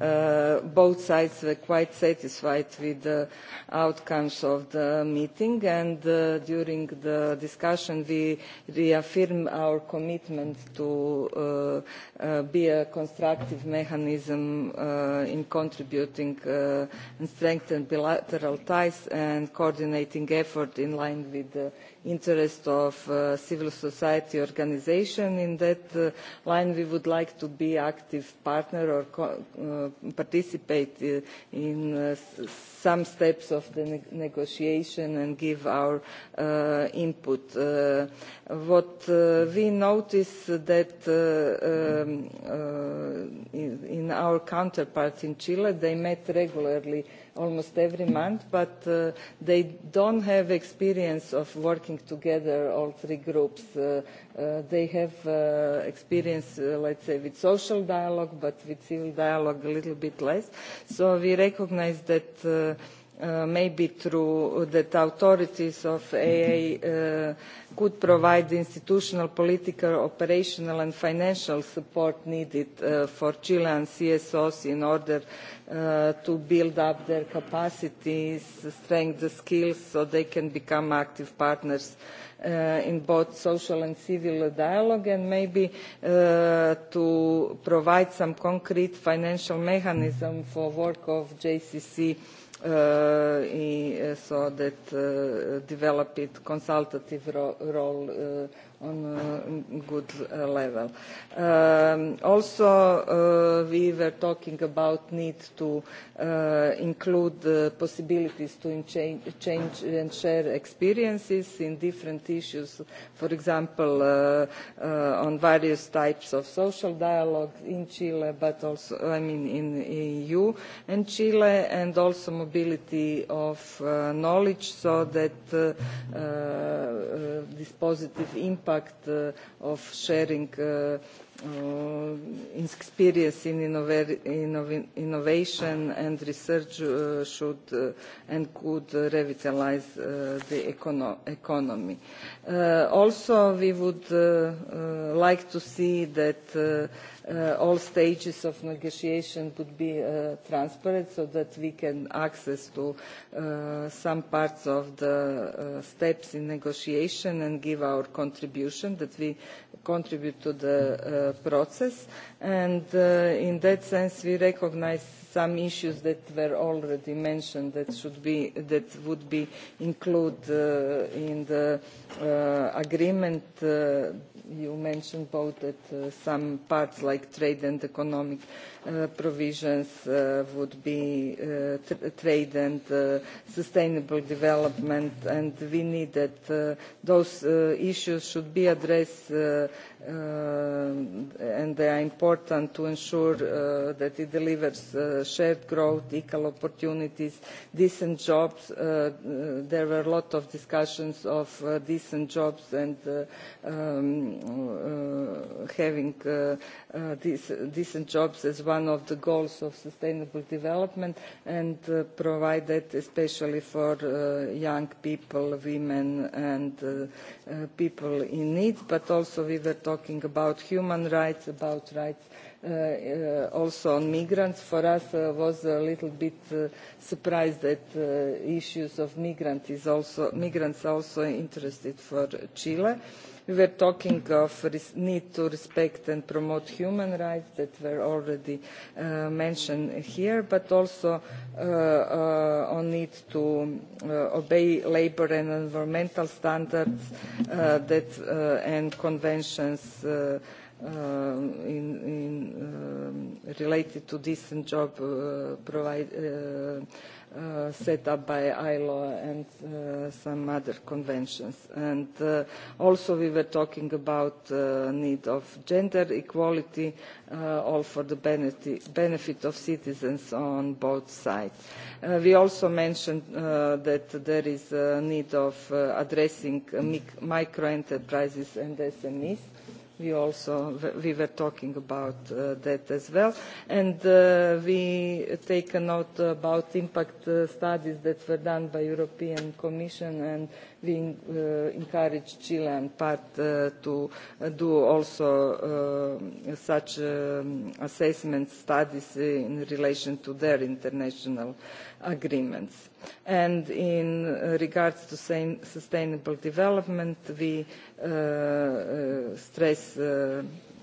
uh, uh, both sides were quite satisfied with the outcomes of the meeting and uh, during the discussion we reaffirm our commitment to uh, uh, be a constructive mechanism uh, in contributing and strengthening bilateral ties and coordinating effort in line with the interest of uh, civil society organization. In that uh, line, we would like to be active partner or co uh, participate uh, in uh, some steps of the ne negotiation and give our uh, input. Uh, what uh, we notice that uh, um, uh, in, in our counterparts in Chile, they met regularly almost every month, but uh, they don't have experience of working together, all three groups. Uh, uh, they have uh, experience, uh, let's say, with social dialogue, but with civil dialogue a little bit less. So we recognize that uh, Uh, maybe through that authorities of AA uh, could provide the institutional, political, operational and financial support needed uh, for Chilean CSOs in order uh, to build up their capacities, strengthen the skills so they can become active partners uh, in both social and civil dialogue and maybe uh, to provide some concrete financial mechanism for work of JCC uh, uh, uh so that uh, developed consultative ro role uh, on a uh, good level. Um, also, uh, we were talking about need to uh, include the possibilities to change, change and share experiences in different issues, for example, uh, uh, on various types of social dialogue in Chile, but also, I mean, in EU and Chile, and also mobility of uh, knowledge so that uh, uh, this positive impact impact uh, of sharing Uh, uh experience in innov innovation and research uh, should uh, and could revitalize uh, the econo economy. Also, we would like to see that uh, all stages of negotiation would be uh, transparent so that we can access to uh, some parts of the uh, steps in negotiation and give our contribution that we contribute to the uh, process and uh, in that sense we recognize some issues that were already mentioned that should be that would be included uh, in the uh, agreement uh, you mentioned both that uh, some parts like trade and economic Uh, provisions uh, would be uh, trade and uh, sustainable development, and we need that uh, those uh, issues should be addressed, uh, uh, and they are important to ensure uh, that it delivers uh, shared growth, equal opportunities, decent jobs. Uh, uh there were a lot of discussions of uh, decent jobs and uh, um, uh, having uh, uh, decent jobs as one one of the goals of sustainable development and uh, provided especially for uh, young people, women and uh, uh, people in need, but also we were talking about human rights, about rights Uh, uh, also on migrants. For us uh, was a little bit uh, surprised that uh, issues of migrants is also, migrants also interested for Chile. Uh, we were talking of the need to respect and promote human rights that were already uh, mentioned here, but also uh, uh, on need to uh, obey labour and environmental standards uh, that, uh, and conventions uh, Uh, in, in, um, related to decent job uh, provide, uh, Uh, set up by ILO and uh, some other conventions. And uh, also we were talking about the uh, need of gender equality, uh, all for the benefit, benefit of citizens on both sides. Uh, we also mentioned uh, that there is a need of uh, addressing mic micro enterprises and SMEs we also we were talking about uh, that as well and uh, we take a note about impact uh, studies that were done by european commission and we uh, encourage Chile and PART uh, to uh, do also such um, assessment studies in relation to their international agreements. And in regards to sustainable development, we stress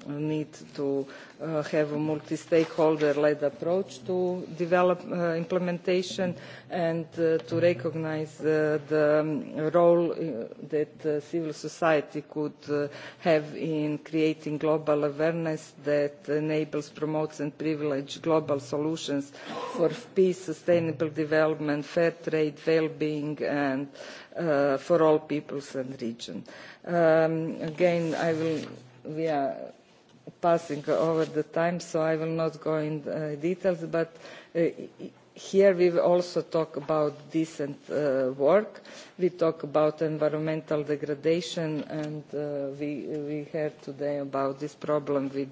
need to uh, have a multi-stakeholder-led approach to develop uh, implementation and uh, to recognize uh, the um, role uh, that uh, civil society could uh, have in creating global awareness that enables, promotes and privileges global solutions for peace, sustainable development, fair trade, well-being and uh, for all peoples and regions. Um, again, I will, we are passing over the time, so I will not go in uh, details, but uh, here we also talk about decent uh, work. We talk about environmental degradation, and uh, we, we heard today about this problem with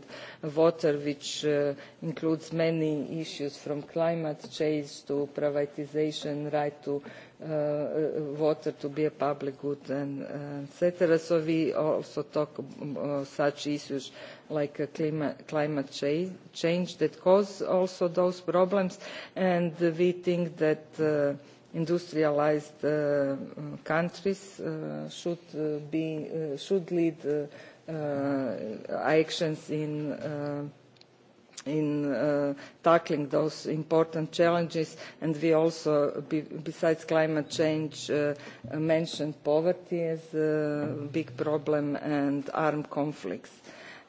water, which uh, includes many issues from climate change to privatization, right to Uh, uh, water to be a public good and uh, etc. So we also talk um, uh, such issues like uh, climate, climate change, change that cause also those problems and uh, we think that uh, industrialized uh, countries uh, should uh, be uh, should lead uh, uh, actions in uh, in uh, tackling those important challenges and we also be, besides climate change uh, mentioned poverty as a big problem and armed conflicts.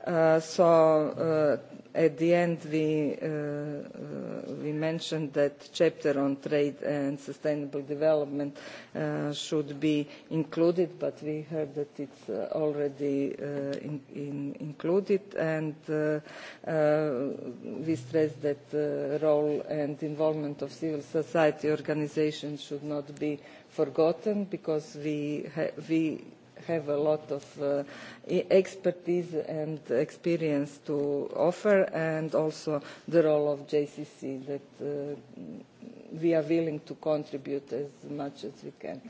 Uh, so uh, at the end we uh, uh, we mentioned that chapter on trade and sustainable development uh, should be included but we heard that it's uh, already uh, in, in included and uh, uh, we stress that the uh, role and involvement of civil society organizations should not be forgotten because we ha we have a lot of uh, e-, expertise and experience to offer, and also the role of JCC that uh, we are willing to contribute as much as we can.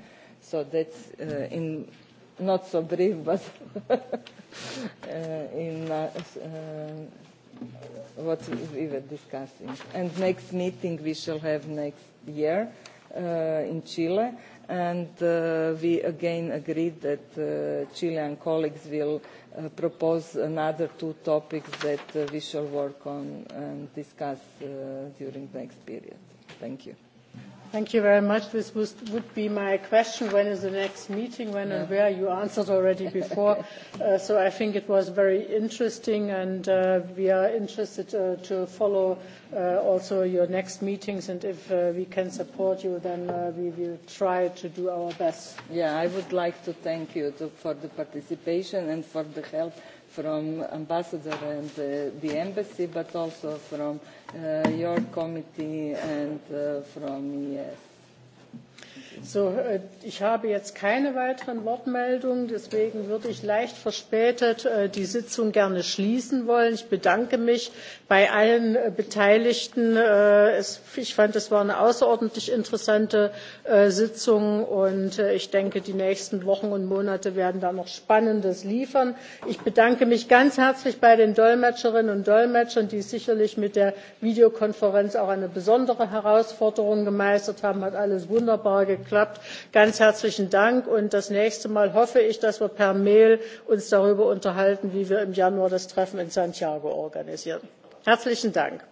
So that's uh, in not so brief, but uh, in uh, uh, what we were discussing. And next meeting we shall have next year uh, in Chile and uh, we again agreed that uh, Chilean colleagues will uh, propose another two topics that uh, we shall work on and discuss uh, during the next period. Thank you. Thank you very much. This was, would be my question. When is the next meeting? When yeah. and where? You answered already before. uh, so I think it was very interesting, and uh, we are interested uh, to follow uh, also your next meetings. And if uh, we can support you, then uh, we will try to do our best. Yeah, I would like to thank you to, for the participation and for the help from ambassador and uh, the embassy, but also from uh, your committee and uh, from ES. So, äh, ich habe jetzt keine weiteren Wortmeldungen, deswegen würde ich leicht verspätet äh, die Sitzung gerne schließen wollen. Ich bedanke mich bei allen äh, Beteiligten. Ich fand, es war eine außerordentlich interessante Sitzung und ich denke, die nächsten Wochen und Monate werden da noch Spannendes liefern. Ich bedanke mich ganz herzlich bei den Dolmetscherinnen und Dolmetschern, die sicherlich mit der Videokonferenz auch eine besondere Herausforderung gemeistert haben. Hat alles wunderbar geklappt geklappt. Ganz herzlichen Dank und das nächste Mal hoffe ich, dass wir per Mail uns darüber unterhalten, wie wir im Januar das Treffen in Santiago organisieren. Herzlichen Dank.